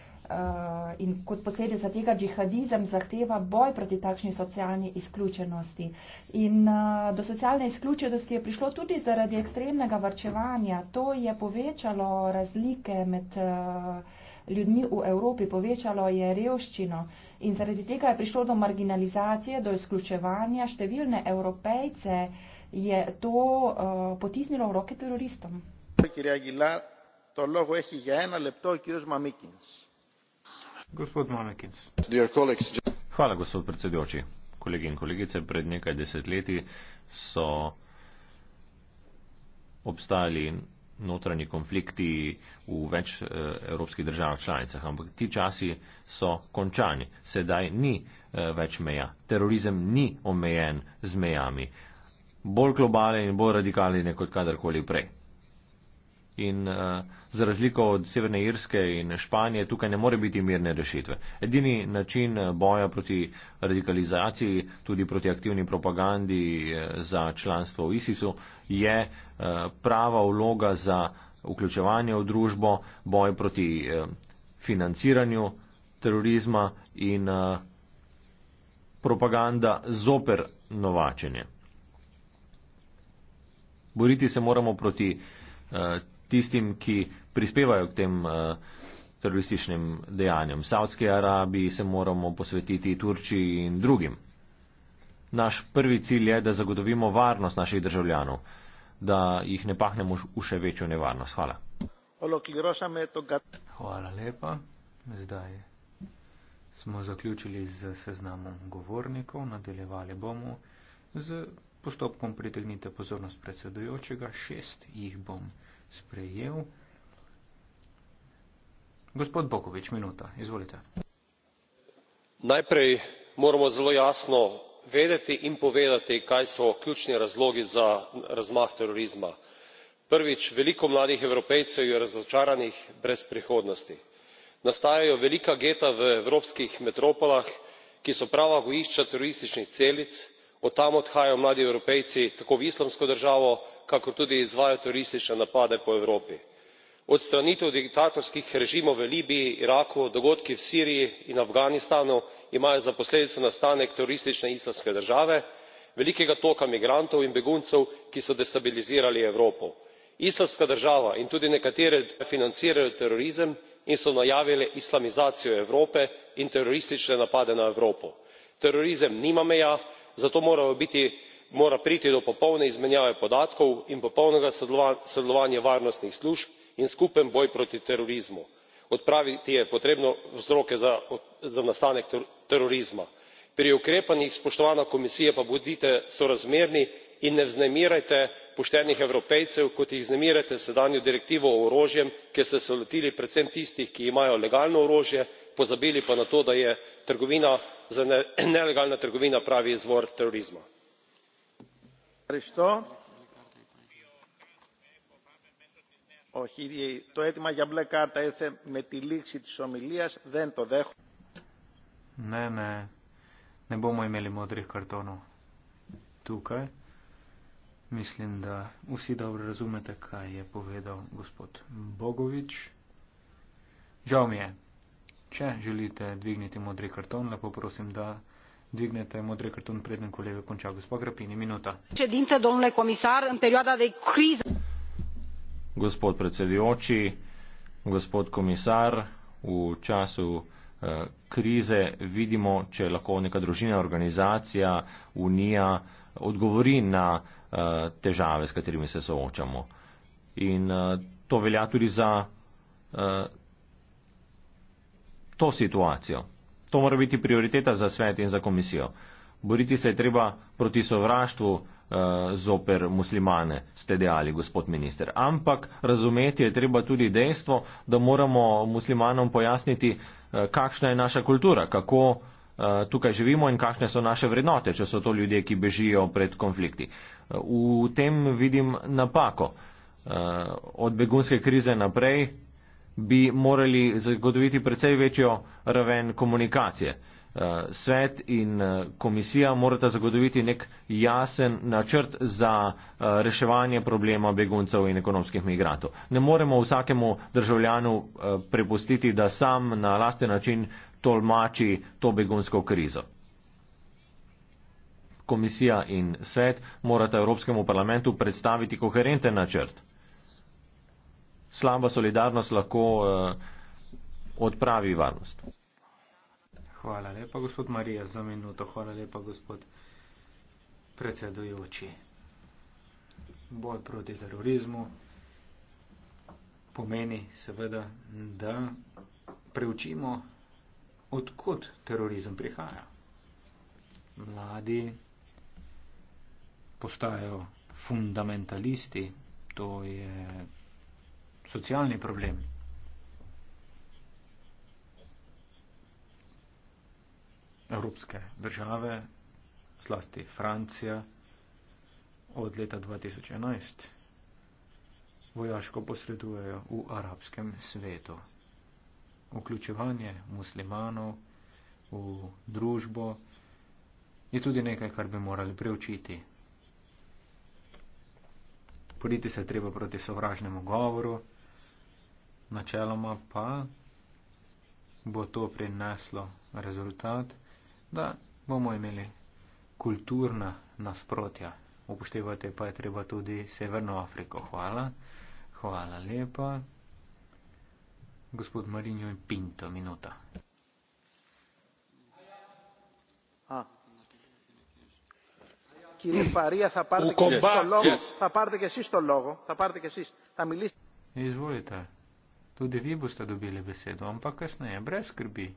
uh, in kot posledica tega džihadizem zahteva boj proti takšni socialni izključenosti. In uh, do socialne izključenosti je prišlo tudi zaradi ekstremnega varčevanja. To je povečalo razlike med uh, ljudmi v Evropi, povečalo je revščino in zaradi tega je prišlo do marginalizacije, do izključevanja. Številne evropejce je to uh, potisnilo v roke teroristom. Kjer je Aguilar, to lovo je higiena, lepto je kjer je Mamikins. Hvala, gospod predsedujoči. Kolegi in kolegice, pred nekaj desetletji so obstajali notranji konflikti v več eh, evropskih državah članicah, ampak ti časi so končani. Sedaj ni eh, več meja. Terorizem ni omejen z mejami. Bolj globalen in bolj radikalen je kot kadarkoli prej in uh, za razliko od Severne Irske in Španije, tukaj ne more biti mirne rešitve. Edini način eh, boja proti radikalizaciji, tudi proti aktivni propagandi eh, za članstvo v ISIS-u, je uh, prava vloga za vključevanje v družbo, boj proti uh, financiranju terorizma in uh, propaganda zoper novačenje. Boriti se moramo proti tistim, ki prispevajo k tem eh, terorističnim dejanjem. Saudski Arabiji se moramo posvetiti Turčiji in drugim. Naš prvi cilj je, da zagotovimo varnost naših državljanov, da jih ne pahnemo v še večjo nevarnost. Hvala. Hvala lepa. Zdaj smo zaključili z seznamom govornikov. Nadaljevali bomo z postopkom pritegnite pozornost predsedujočega. Šest jih bom sprejel. Gospod Bokovič, minuta, izvolite. Najprej moramo zelo jasno vedeti in povedati, kaj so ključni razlogi za razmah terorizma. Prvič, veliko mladih evropejcev je razočaranih brez prihodnosti. Nastajajo velika geta v evropskih metropolah, ki so prava gojišča terorističnih celic, od tam odhajajo mladi evropejci tako v islamsko državo kakor tudi izvajajo teroristične napade po evropi. odstranitev diktatorskih režimov v libiji iraku dogodki v siriji in afganistanu imajo za posledico nastanek teroristične islamske države velikega toka migrantov in beguncev ki so destabilizirali evropo. islamska država in tudi nekatere države financirajo terorizem in so najavile islamizacijo evrope in teroristične napade na evropo. terorizem nima meja zato morajo biti mora priti do popolne izmenjave podatkov in popolnega sodelovanja varnostnih služb in skupen boj proti terorizmu. odpraviti je potrebno vzroke za nastanek terorizma. pri ukrepanjih spoštovana komisija pa bodite sorazmerni in ne vznemirjajte poštenih evropejcev kot jih vznemirjate s sedanjo direktivo o orožju kjer ste se lotili predvsem tistih ki imajo legalno orožje pozabili pa na to da je trgovina nelegalna trgovina pravi izvor terorizma ευχαριστώ. Όχι, το αίτημα για μπλε κάρτα ήρθε με τη λήξη της ομιλίας. Δεν το δέχομαι. Ναι, ναι. Δεν μπορούμε με λιμότερη καρτόνο. Τούκα. Μισλήν τα ουσί τα βραζούμε τα κάι, αποβέδω, γουσπότ Μπόγοβιτς. Ζάω μία. Če želite dvigniti modri karton, lepo prosim, da dignete modre cărtun prieten colegă concea gospa grăpini minută. Președinte, domnule comisar, în perioada de criză. Gospod predsedujoči, gospod komisar, v času eh, krize vidimo, če lahko neka družina, organizacija, unija odgovori na eh, težave, s katerimi se soočamo. In eh, to velja tudi za to situacijo. To mora biti prioriteta za svet in za komisijo. Boriti se je treba proti sovraštvu eh, zoper muslimane, ste dejali, gospod minister. Ampak razumeti je treba tudi dejstvo, da moramo muslimanom pojasniti, eh, kakšna je naša kultura, kako eh, tukaj živimo in kakšne so naše vrednote, če so to ljudje, ki bežijo pred konflikti. Eh, v tem vidim napako. Eh, od begunske krize naprej bi morali zagotoviti precej večjo raven komunikacije. Eh, svet in eh, komisija morata zagotoviti nek jasen načrt za eh, reševanje problema beguncev in ekonomskih migrantov. Ne moremo vsakemu državljanu prepustiti, da sam na lasten način tolmači to begunsko krizo. Komisija in svet morata Evropskemu parlamentu predstaviti koherenten načrt slaba solidarnost lahko uh, odpravi varnost. Hvala lepa, gospod Marija, za minuto. Hvala lepa, gospod predsedujoči. Boj proti terorizmu pomeni seveda, da preučimo, odkud terorizem prihaja. Mladi postajajo fundamentalisti, to je socialni problem. Evropske države, slasti Francija, od leta 2011 vojaško posredujejo v arabskem svetu. Vključevanje muslimanov v družbo je tudi nekaj, kar bi morali preučiti. Poriti se treba proti sovražnemu govoru načeloma pa bo to prineslo rezultat, da bomo imeli kulturna nasprotja. Upoštevati pa je treba tudi Severno Afriko. Hvala. Hvala lepa. Gospod Marinjo in Pinto, minuta. A. Izvolite. Tudi vi boste dobili besedo, ampak kasneje, brez skrbi.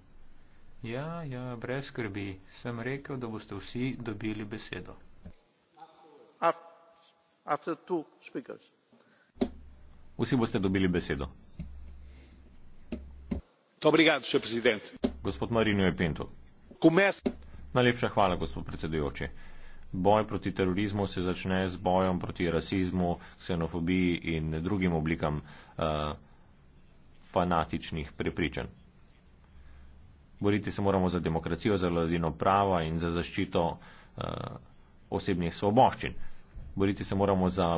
Ja, ja, brez skrbi, sem rekel, da boste vsi dobili besedo. Vsi boste dobili besedo. Obrigado, gospod Marino je Pinto. Kumes. Najlepša hvala, gospod predsedujoči. Boj proti terorizmu se začne z bojem proti rasizmu, ksenofobiji in drugim oblikam. Uh, fanatičnih prepričanj. Boriti se moramo za demokracijo, za vladino prava in za zaščito uh, osebnih svoboščin. Boriti se moramo za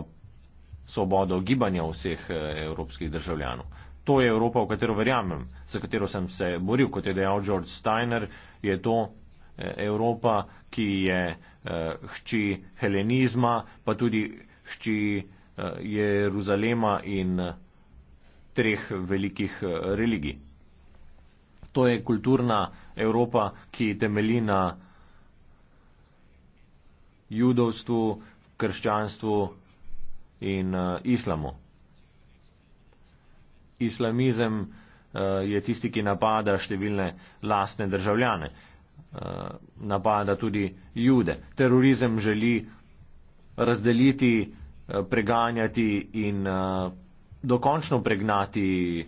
svobodo gibanja vseh uh, evropskih državljanov. To je Evropa, v katero verjamem, za katero sem se boril, kot je dejal George Steiner, je to eh, Evropa, ki je uh, hči helenizma, pa tudi hči uh, Jeruzalema in. Uh, treh velikih eh, religij. To je kulturna Evropa, ki temelji na judovstvu, krščanstvu in eh, islamu. Islamizem eh, je tisti, ki napada številne lastne državljane, napada tudi jude. Terorizem želi razdeliti, preganjati in dokončno pregnati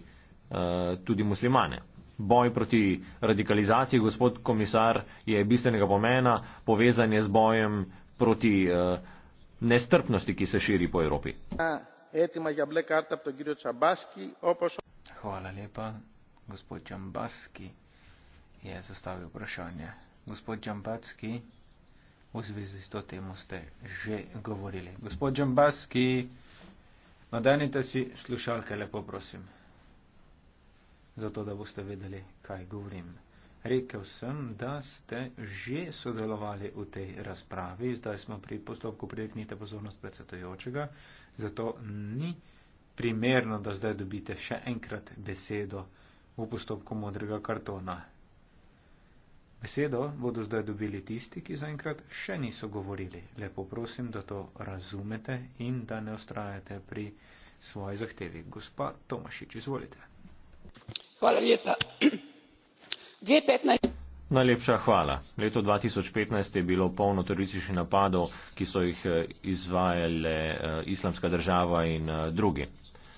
uh, tudi muslimane. Boj proti radikalizaciji, gospod komisar, je bistvenega pomena, povezanje z bojem proti uh, nestrpnosti, ki se širi po Evropi. Hvala lepa. Gospod Čambaski je zastavil vprašanje. Gospod Čambacki, v zvezi s to temo ste že govorili. Gospod Čambaski, Nadenite si slušalke, lepo prosim, zato da boste vedeli, kaj govorim. Rekel sem, da ste že sodelovali v tej razpravi, zdaj smo pri postopku prireknite pozornost predsedojočega, zato ni primerno, da zdaj dobite še enkrat besedo v postopku modrega kartona. Besedo bodo zdaj dobili tisti, ki zaenkrat še niso govorili. Lepo prosim, da to razumete in da ne ostrajate pri svoji zahtevi. Gospa Tomašič, izvolite. Hvala lepa. 2015. Najlepša hvala. Leto 2015 je bilo polno terorističnih napadov, ki so jih eh, izvajale eh, islamska država in eh, drugi.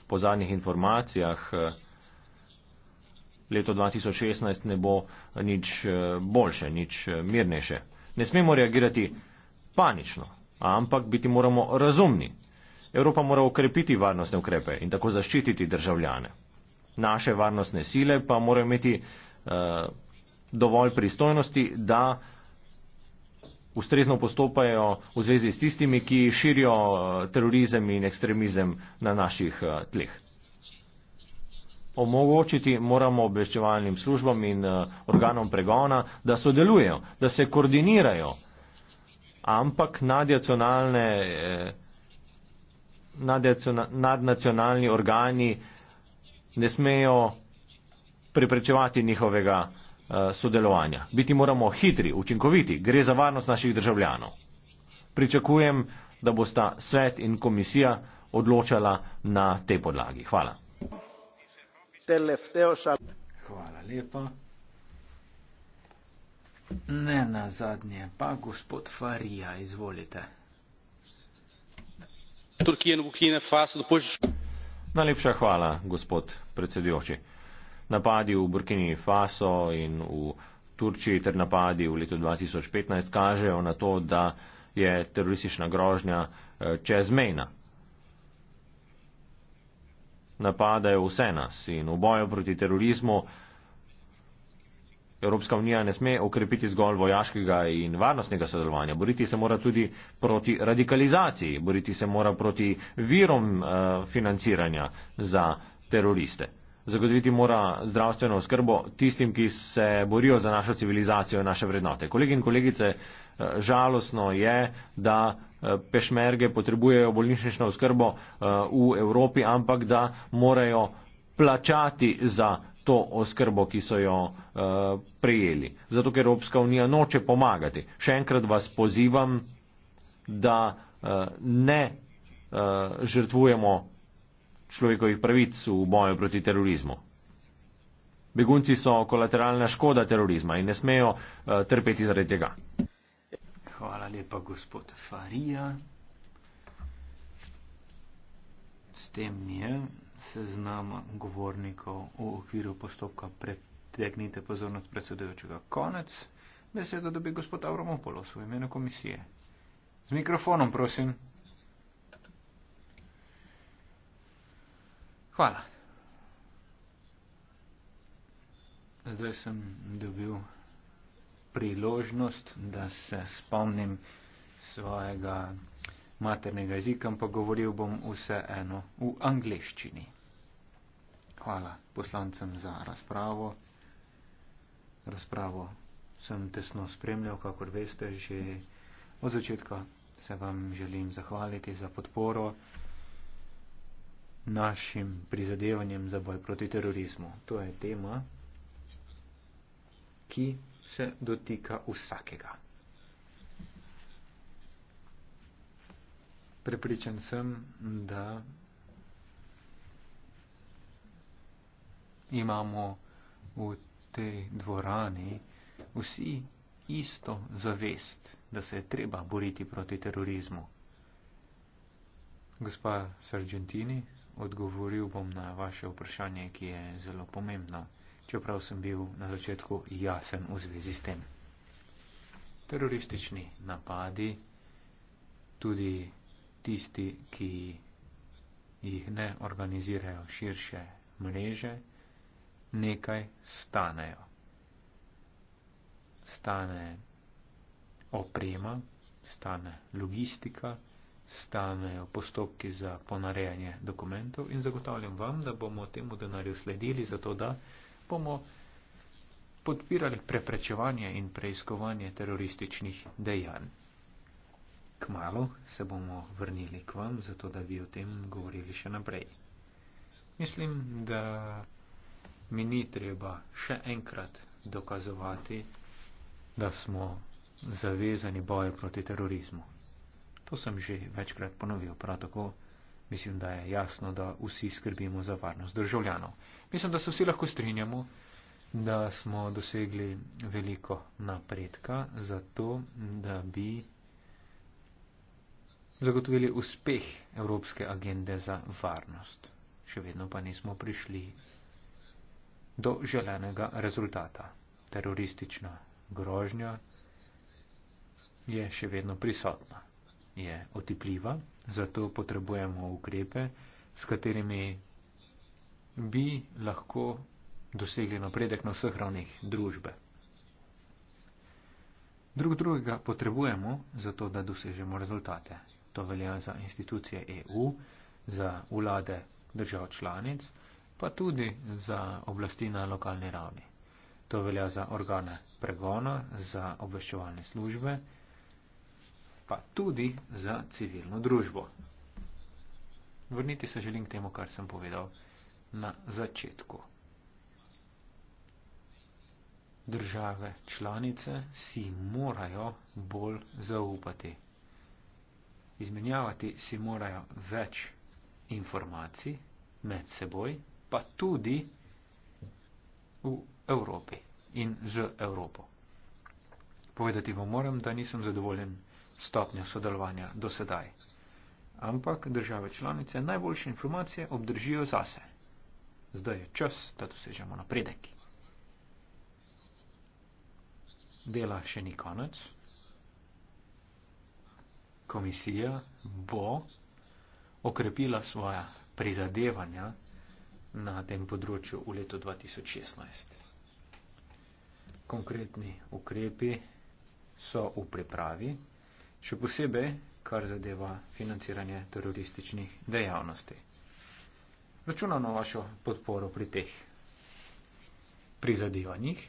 Po zadnjih informacijah leto 2016 ne bo eh, nič eh, boljše, nič eh, mirnejše. Ne smemo reagirati panično, ampak biti moramo razumni. Evropa mora ukrepiti varnostne ukrepe in tako zaščititi državljane. Naše varnostne sile pa morajo imeti uh, dovolj pristojnosti, da ustrezno postopajo v zvezi s tistimi, ki širijo terorizem in ekstremizem na naših uh, tleh omogočiti moramo obveščevalnim službam in eh, organom pregona, da sodelujejo, da se koordinirajo. Ampak eh, nadnacionalni organi ne smejo preprečevati njihovega eh, sodelovanja. Biti moramo hitri, učinkoviti, gre za varnost naših državljanov. Pričakujem, da bosta svet in komisija odločala na tej podlagi. Hvala. Hvala lepa. Ne na zadnje, pa gospod Farija, izvolite. Najlepša hvala, gospod predsedujoči. Napadi v Burkini Faso in v Turčiji ter napadi v letu 2015 kažejo na to, da je teroristična grožnja eh, čezmejna napadajo vse nas in v boju proti terorizmu Evropska unija ne sme okrepiti zgolj vojaškega in varnostnega sodelovanja. Boriti se mora tudi proti radikalizaciji, boriti se mora proti virom uh, financiranja za teroriste zagotoviti mora zdravstveno oskrbo tistim, ki se borijo za našo civilizacijo in naše vrednote. Kolegi in kolegice, eh, žalostno je, da eh, pešmerge potrebujejo bolnišnično oskrbo eh, v Evropi, ampak da morajo plačati za to oskrbo, ki so jo prejeli. Zato, ker Evropska unija noče pomagati. Še enkrat vas pozivam, da ne žrtvujemo človekovih pravic v boju proti terorizmu. Begunci so kolateralna škoda terorizma in ne smejo uh, trpeti zaradi tega. Hvala lepa, gospod Farija. S tem je seznam govornikov v okviru postopka pretegnite pozornost predsedujočega konec. Besedo dobi gospod Avramopolos v imenu komisije. Z mikrofonom, prosim. Hvala. Zdaj sem dobil priložnost, da se spomnim svojega maternega jezika, ampak govoril bom vse eno v angleščini. Hvala poslancem za razpravo. Razpravo sem tesno spremljal, kakor veste, že od začetka se vam želim zahvaliti za podporo našim prizadevanjem za boj proti terorizmu. To je tema, ki se dotika vsakega. Prepričan sem, da imamo v tej dvorani vsi isto zavest, da se je treba boriti proti terorizmu. Gospa Sargentini, odgovoril bom na vaše vprašanje, ki je zelo pomembno, čeprav sem bil na začetku jasen v zvezi s tem. Teroristični napadi, tudi tisti, ki jih ne organizirajo širše mreže, nekaj stanejo. Stane oprema, stane logistika, stanejo postopki za ponarejanje dokumentov in zagotavljam vam, da bomo temu denarju sledili, zato da bomo podpirali preprečevanje in preiskovanje terorističnih dejanj. Kmalo se bomo vrnili k vam, zato da bi o tem govorili še naprej. Mislim, da mi ni treba še enkrat dokazovati, da smo zavezani boju proti terorizmu. To sem že večkrat ponovil, prav tako mislim, da je jasno, da vsi skrbimo za varnost državljanov. Mislim, da se vsi lahko strinjamo, da smo dosegli veliko napredka za to, da bi zagotovili uspeh Evropske agende za varnost. Še vedno pa nismo prišli do želenega rezultata. Teroristična grožnja je še vedno prisotna je otipljiva, zato potrebujemo ukrepe, s katerimi bi lahko dosegli napredek na vseh ravnih družbe. Drug drugega potrebujemo, zato da dosežemo rezultate. To velja za institucije EU, za vlade držav članic, pa tudi za oblasti na lokalni ravni. To velja za organe pregona, za obveščevalne službe pa tudi za civilno družbo. Vrniti se želim k temu, kar sem povedal na začetku. Države članice si morajo bolj zaupati. Izmenjavati si morajo več informacij med seboj, pa tudi v Evropi in z Evropo. Povedati vam moram, da nisem zadovoljen stopnjo sodelovanja do sedaj. Ampak države članice najboljše informacije obdržijo zase. Zdaj je čas, da dosežemo napredek. Dela še ni konec. Komisija bo okrepila svoja prizadevanja na tem področju v letu 2016. Konkretni ukrepi so v pripravi še posebej, kar zadeva financiranje terorističnih dejavnosti. Računam na vašo podporo pri teh prizadevanjih.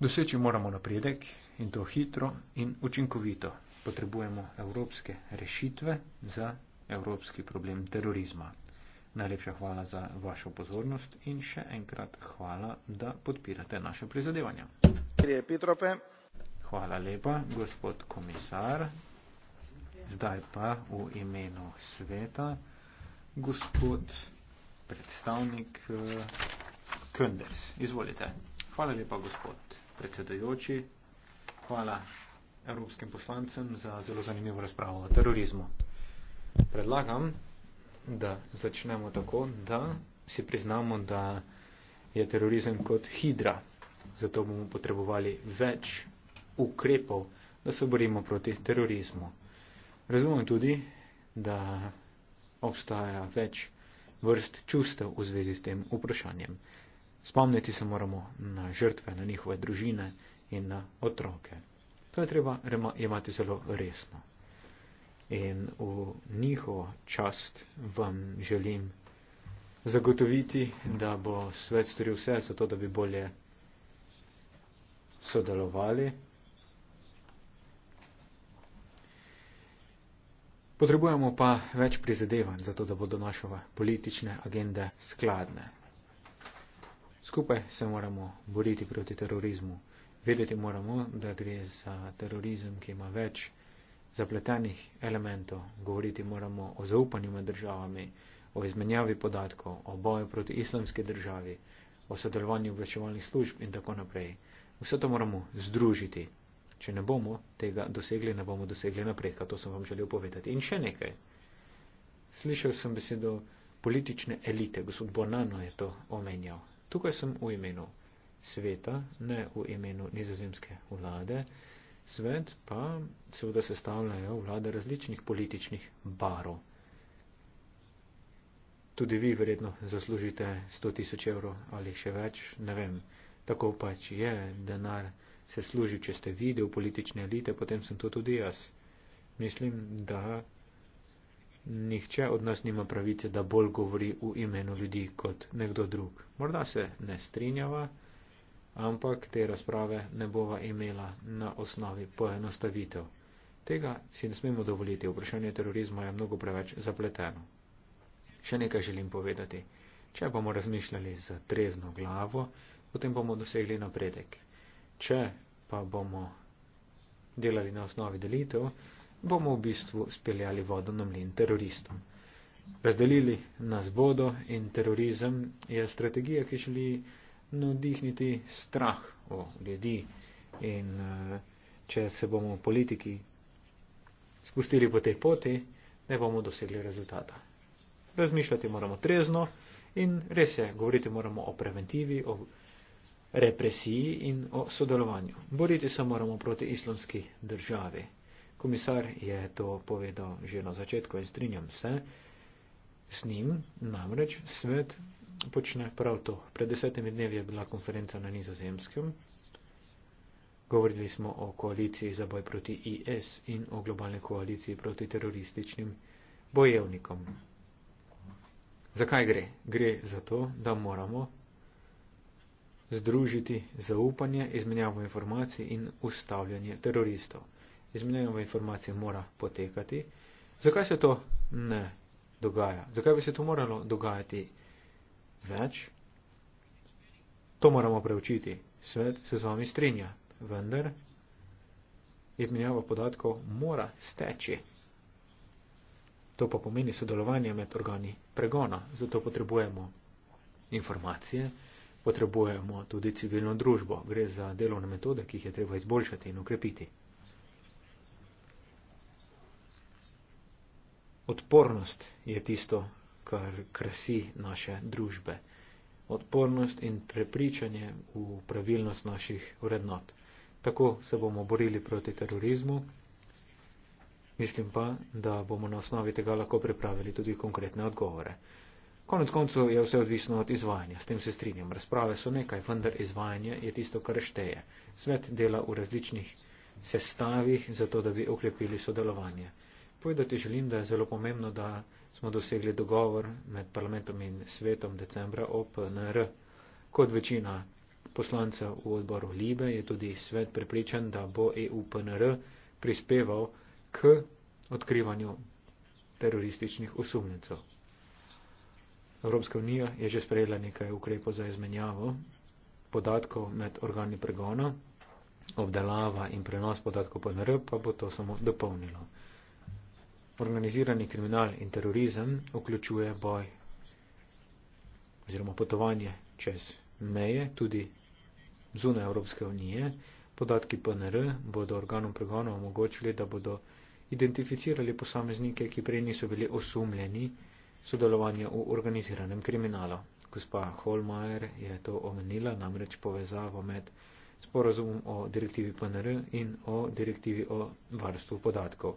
Doseči moramo napredek in to hitro in učinkovito. Potrebujemo evropske rešitve za evropski problem terorizma. Najlepša hvala za vašo pozornost in še enkrat hvala, da podpirate naše prizadevanja. Gre, Petrope. Hvala lepa, gospod komisar. Zdaj pa v imenu sveta, gospod predstavnik eh, Könders. Izvolite. Hvala lepa, gospod predsedojoči. Hvala evropskim poslancem za zelo zanimivo razpravo o terorizmu. Predlagam, da začnemo tako, da si priznamo, da je terorizem kot hidra. Zato bomo potrebovali več ukrepov, da se borimo proti terorizmu. Razumem tudi, da obstaja več vrst čustev v zvezi s tem vprašanjem. Spomniti se moramo na žrtve, na njihove družine in na otroke. To je treba imati zelo resno. In v njihovo čast vam želim zagotoviti, da bo svet storil vse za to, da bi bolje sodelovali Potrebujemo pa več prizadevanj, zato da bodo naše politične agende skladne. Skupaj se moramo boriti proti terorizmu. Vedeti moramo, da gre za terorizem, ki ima več zapletenih elementov. Govoriti moramo o zaupanju med državami, o izmenjavi podatkov, o boju proti islamski državi, o sodelovanju obveščevalnih služb in tako naprej. Vse to moramo združiti če ne bomo tega dosegli, ne bomo dosegli napredka. To sem vam želel povedati. In še nekaj. Slišal sem besedo politične elite. Gospod Bonano je to omenjal. Tukaj sem v imenu sveta, ne v imenu nizozemske vlade. Svet pa seveda sestavljajo vlade različnih političnih barov. Tudi vi verjetno zaslužite 100 tisoč evrov ali še več, ne vem. Tako pač je denar se služi, če ste videl politične elite, potem sem to tudi jaz. Mislim, da nihče od nas nima pravice, da bolj govori v imenu ljudi kot nekdo drug. Morda se ne strinjava, ampak te razprave ne bova imela na osnovi poenostavitev. Tega si ne smemo dovoliti. Vprašanje terorizma je mnogo preveč zapleteno. Še nekaj želim povedati. Če bomo razmišljali z trezno glavo, potem bomo dosegli napredek. Če pa bomo delali na osnovi delitev, bomo v bistvu speljali vodo na mlin teroristom. Razdelili nas bodo in terorizem je strategija, ki želi nudihniti strah o ljudi. In eh, če se bomo politiki spustili po tej poti, ne bomo dosegli rezultata. Razmišljati moramo trezno in res je, govoriti moramo o preventivi, o preventivi represiji in o sodelovanju. Boriti se moramo proti islamski državi. Komisar je to povedal že na začetku in strinjam se s njim, namreč svet počne prav to. Pred desetimi dnevi je bila konferenca na nizozemskem. Govorili smo o koaliciji za boj proti IS in o globalni koaliciji proti terorističnim bojevnikom. Zakaj gre? Gre za to, da moramo združiti zaupanje, izmenjavo informacij in ustavljanje teroristov. Izmenjava informacij mora potekati. Zakaj se to ne dogaja? Zakaj bi se to moralo dogajati več? To moramo preučiti. Svet se z vami strinja. Vendar izmenjava podatkov mora steči. To pa pomeni sodelovanje med organi pregona. Zato potrebujemo informacije potrebujemo tudi civilno družbo. Gre za delovne metode, ki jih je treba izboljšati in ukrepiti. Odpornost je tisto, kar krasi naše družbe. Odpornost in prepričanje v pravilnost naših vrednot. Tako se bomo borili proti terorizmu. Mislim pa, da bomo na osnovi tega lahko pripravili tudi konkretne odgovore. Konec koncev je vse odvisno od izvajanja, s tem se strinjam. Razprave so nekaj, vendar izvajanje je tisto, kar šteje. Svet dela v različnih sestavih, zato da bi okrepili sodelovanje. Povedati želim, da je zelo pomembno, da smo dosegli dogovor med parlamentom in svetom decembra o PNR. Kot večina poslancev v odboru Libe je tudi svet prepričan, da bo EU PNR prispeval k odkrivanju terorističnih osumljencev. Evropska unija je že sprejela nekaj ukrepov za izmenjavo podatkov med organi pregona, obdelava in prenos podatkov PNR pa bo to samo dopolnilo. Organizirani kriminal in terorizem vključuje boj oziroma potovanje čez meje, tudi zunaj Evropske unije. Podatki PNR bodo organom pregona omogočili, da bodo identificirali posameznike, ki prej niso bili osumljeni sodelovanje v organiziranem kriminalu. Gospa Holmeier je to omenila, namreč povezavo med sporozumom o direktivi PNR in o direktivi o varstvu podatkov.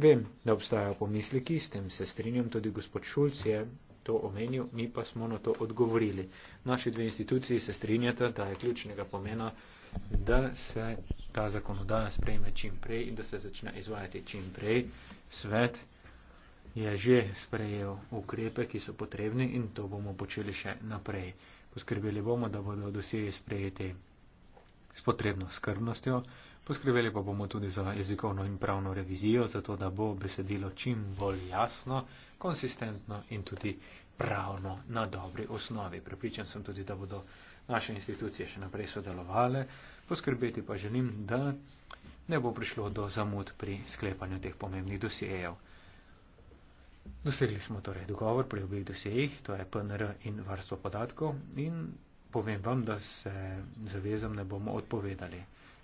Vem, da obstajajo pomisliki, s tem se strinjam, tudi gospod Šulc je to omenil, mi pa smo na to odgovorili. Naši dve instituciji se strinjata, da je ključnega pomena, da se ta zakonodaja sprejme čim prej in da se začne izvajati čim prej. Svet je že sprejel ukrepe, ki so potrebni in to bomo počeli še naprej. Poskrbeli bomo, da bodo dosjeji sprejeti s potrebno skrbnostjo, poskrbeli pa bomo tudi za jezikovno in pravno revizijo, zato da bo besedilo čim bolj jasno, konsistentno in tudi pravno na dobri osnovi. Pripričan sem tudi, da bodo naše institucije še naprej sodelovale, poskrbeti pa želim, da ne bo prišlo do zamud pri sklepanju teh pomembnih dosjejev. Dosegli smo torej dogovor pri obeh dosejih, to je PNR in varstvo podatkov in povem vam, da se zavezam ne bomo odpovedali.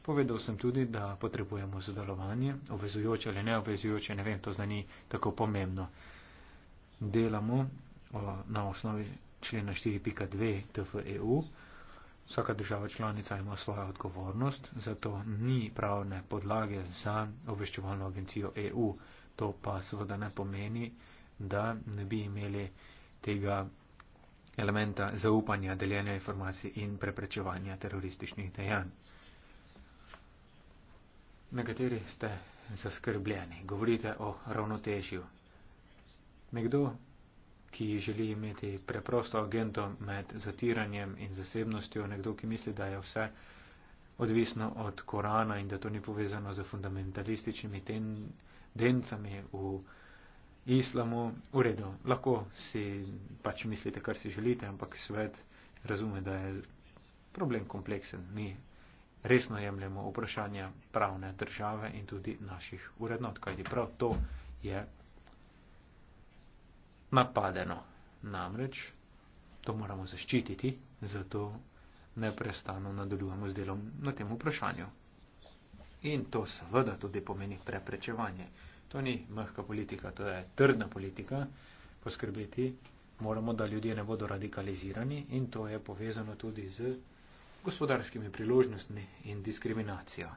Povedal sem tudi, da potrebujemo sodelovanje, obvezujoče ali neobvezujoče, ne vem, to zdaj ni tako pomembno. Delamo o, na osnovi člena 4.2 TFEU. Vsaka država članica ima svojo odgovornost, zato ni pravne podlage za obveščevalno agencijo EU. To pa seveda ne pomeni, da ne bi imeli tega elementa zaupanja, deljenja informacij in preprečevanja terorističnih dejanj. Nekateri ste zaskrbljeni, govorite o ravnotežju. Nekdo, ki želi imeti preprosto agento med zatiranjem in zasebnostjo, nekdo, ki misli, da je vse odvisno od Korana in da to ni povezano z fundamentalističnimi tem, dencami v islamu. V redu, lahko si pač mislite, kar si želite, ampak svet razume, da je problem kompleksen. Mi resno jemljemo vprašanje pravne države in tudi naših urednot, kajti prav to je napadeno. Namreč to moramo zaščititi, zato neprestano nadaljujemo z delom na tem vprašanju. In to seveda tudi pomeni preprečevanje. To ni mehka politika, to je trdna politika. Poskrbeti moramo, da ljudje ne bodo radikalizirani in to je povezano tudi z gospodarskimi priložnostmi in diskriminacijo.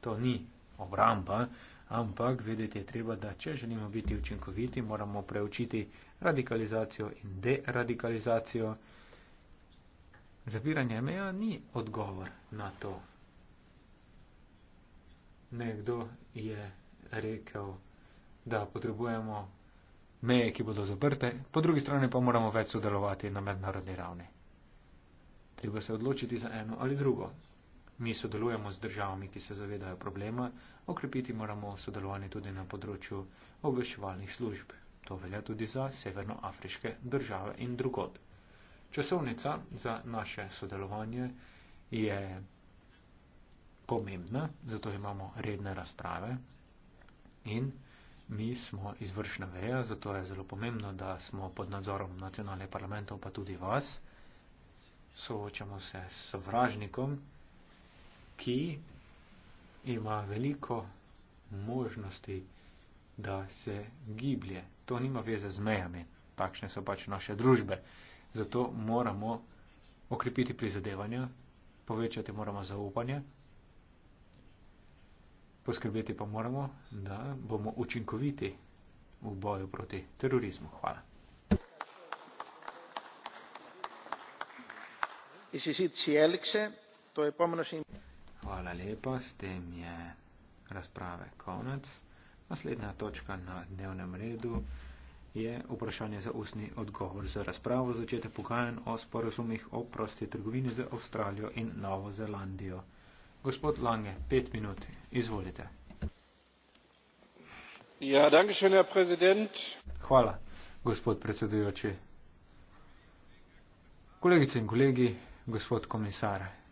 To ni obramba, ampak vedeti je treba, da če želimo biti učinkoviti, moramo preučiti radikalizacijo in deradikalizacijo. Zapiranje meja ni odgovor na to Nekdo je rekel, da potrebujemo meje, ki bodo zaprte, po drugi strani pa moramo več sodelovati na mednarodni ravni. Treba se odločiti za eno ali drugo. Mi sodelujemo z državami, ki se zavedajo problema, okrepiti moramo sodelovanje tudi na področju obveščevalnih služb. To velja tudi za severnoafriške države in drugod. Časovnica za naše sodelovanje je pomembna, zato imamo redne razprave in mi smo izvršna veja, zato je zelo pomembno, da smo pod nadzorom nacionalnih parlamentov, pa tudi vas, soočamo se s sovražnikom, ki ima veliko možnosti, da se giblje. To nima veze z mejami, takšne so pač naše družbe. Zato moramo okrepiti prizadevanja, povečati moramo zaupanje poskrbeti pa moramo, da bomo učinkoviti v boju proti terorizmu. Hvala. Hvala lepa, s tem je razprave konec. Naslednja točka na dnevnem redu je vprašanje za ustni odgovor za razpravo začete pogajanj o sporozumih o prosti trgovini z Avstralijo in Novo Zelandijo. Gospod Lange, pet minut, izvolite. Ja, dankeschön, Herr Präsident. Hvala, gospod predsedujoči. Kolegice in kolegi, gospod komisar,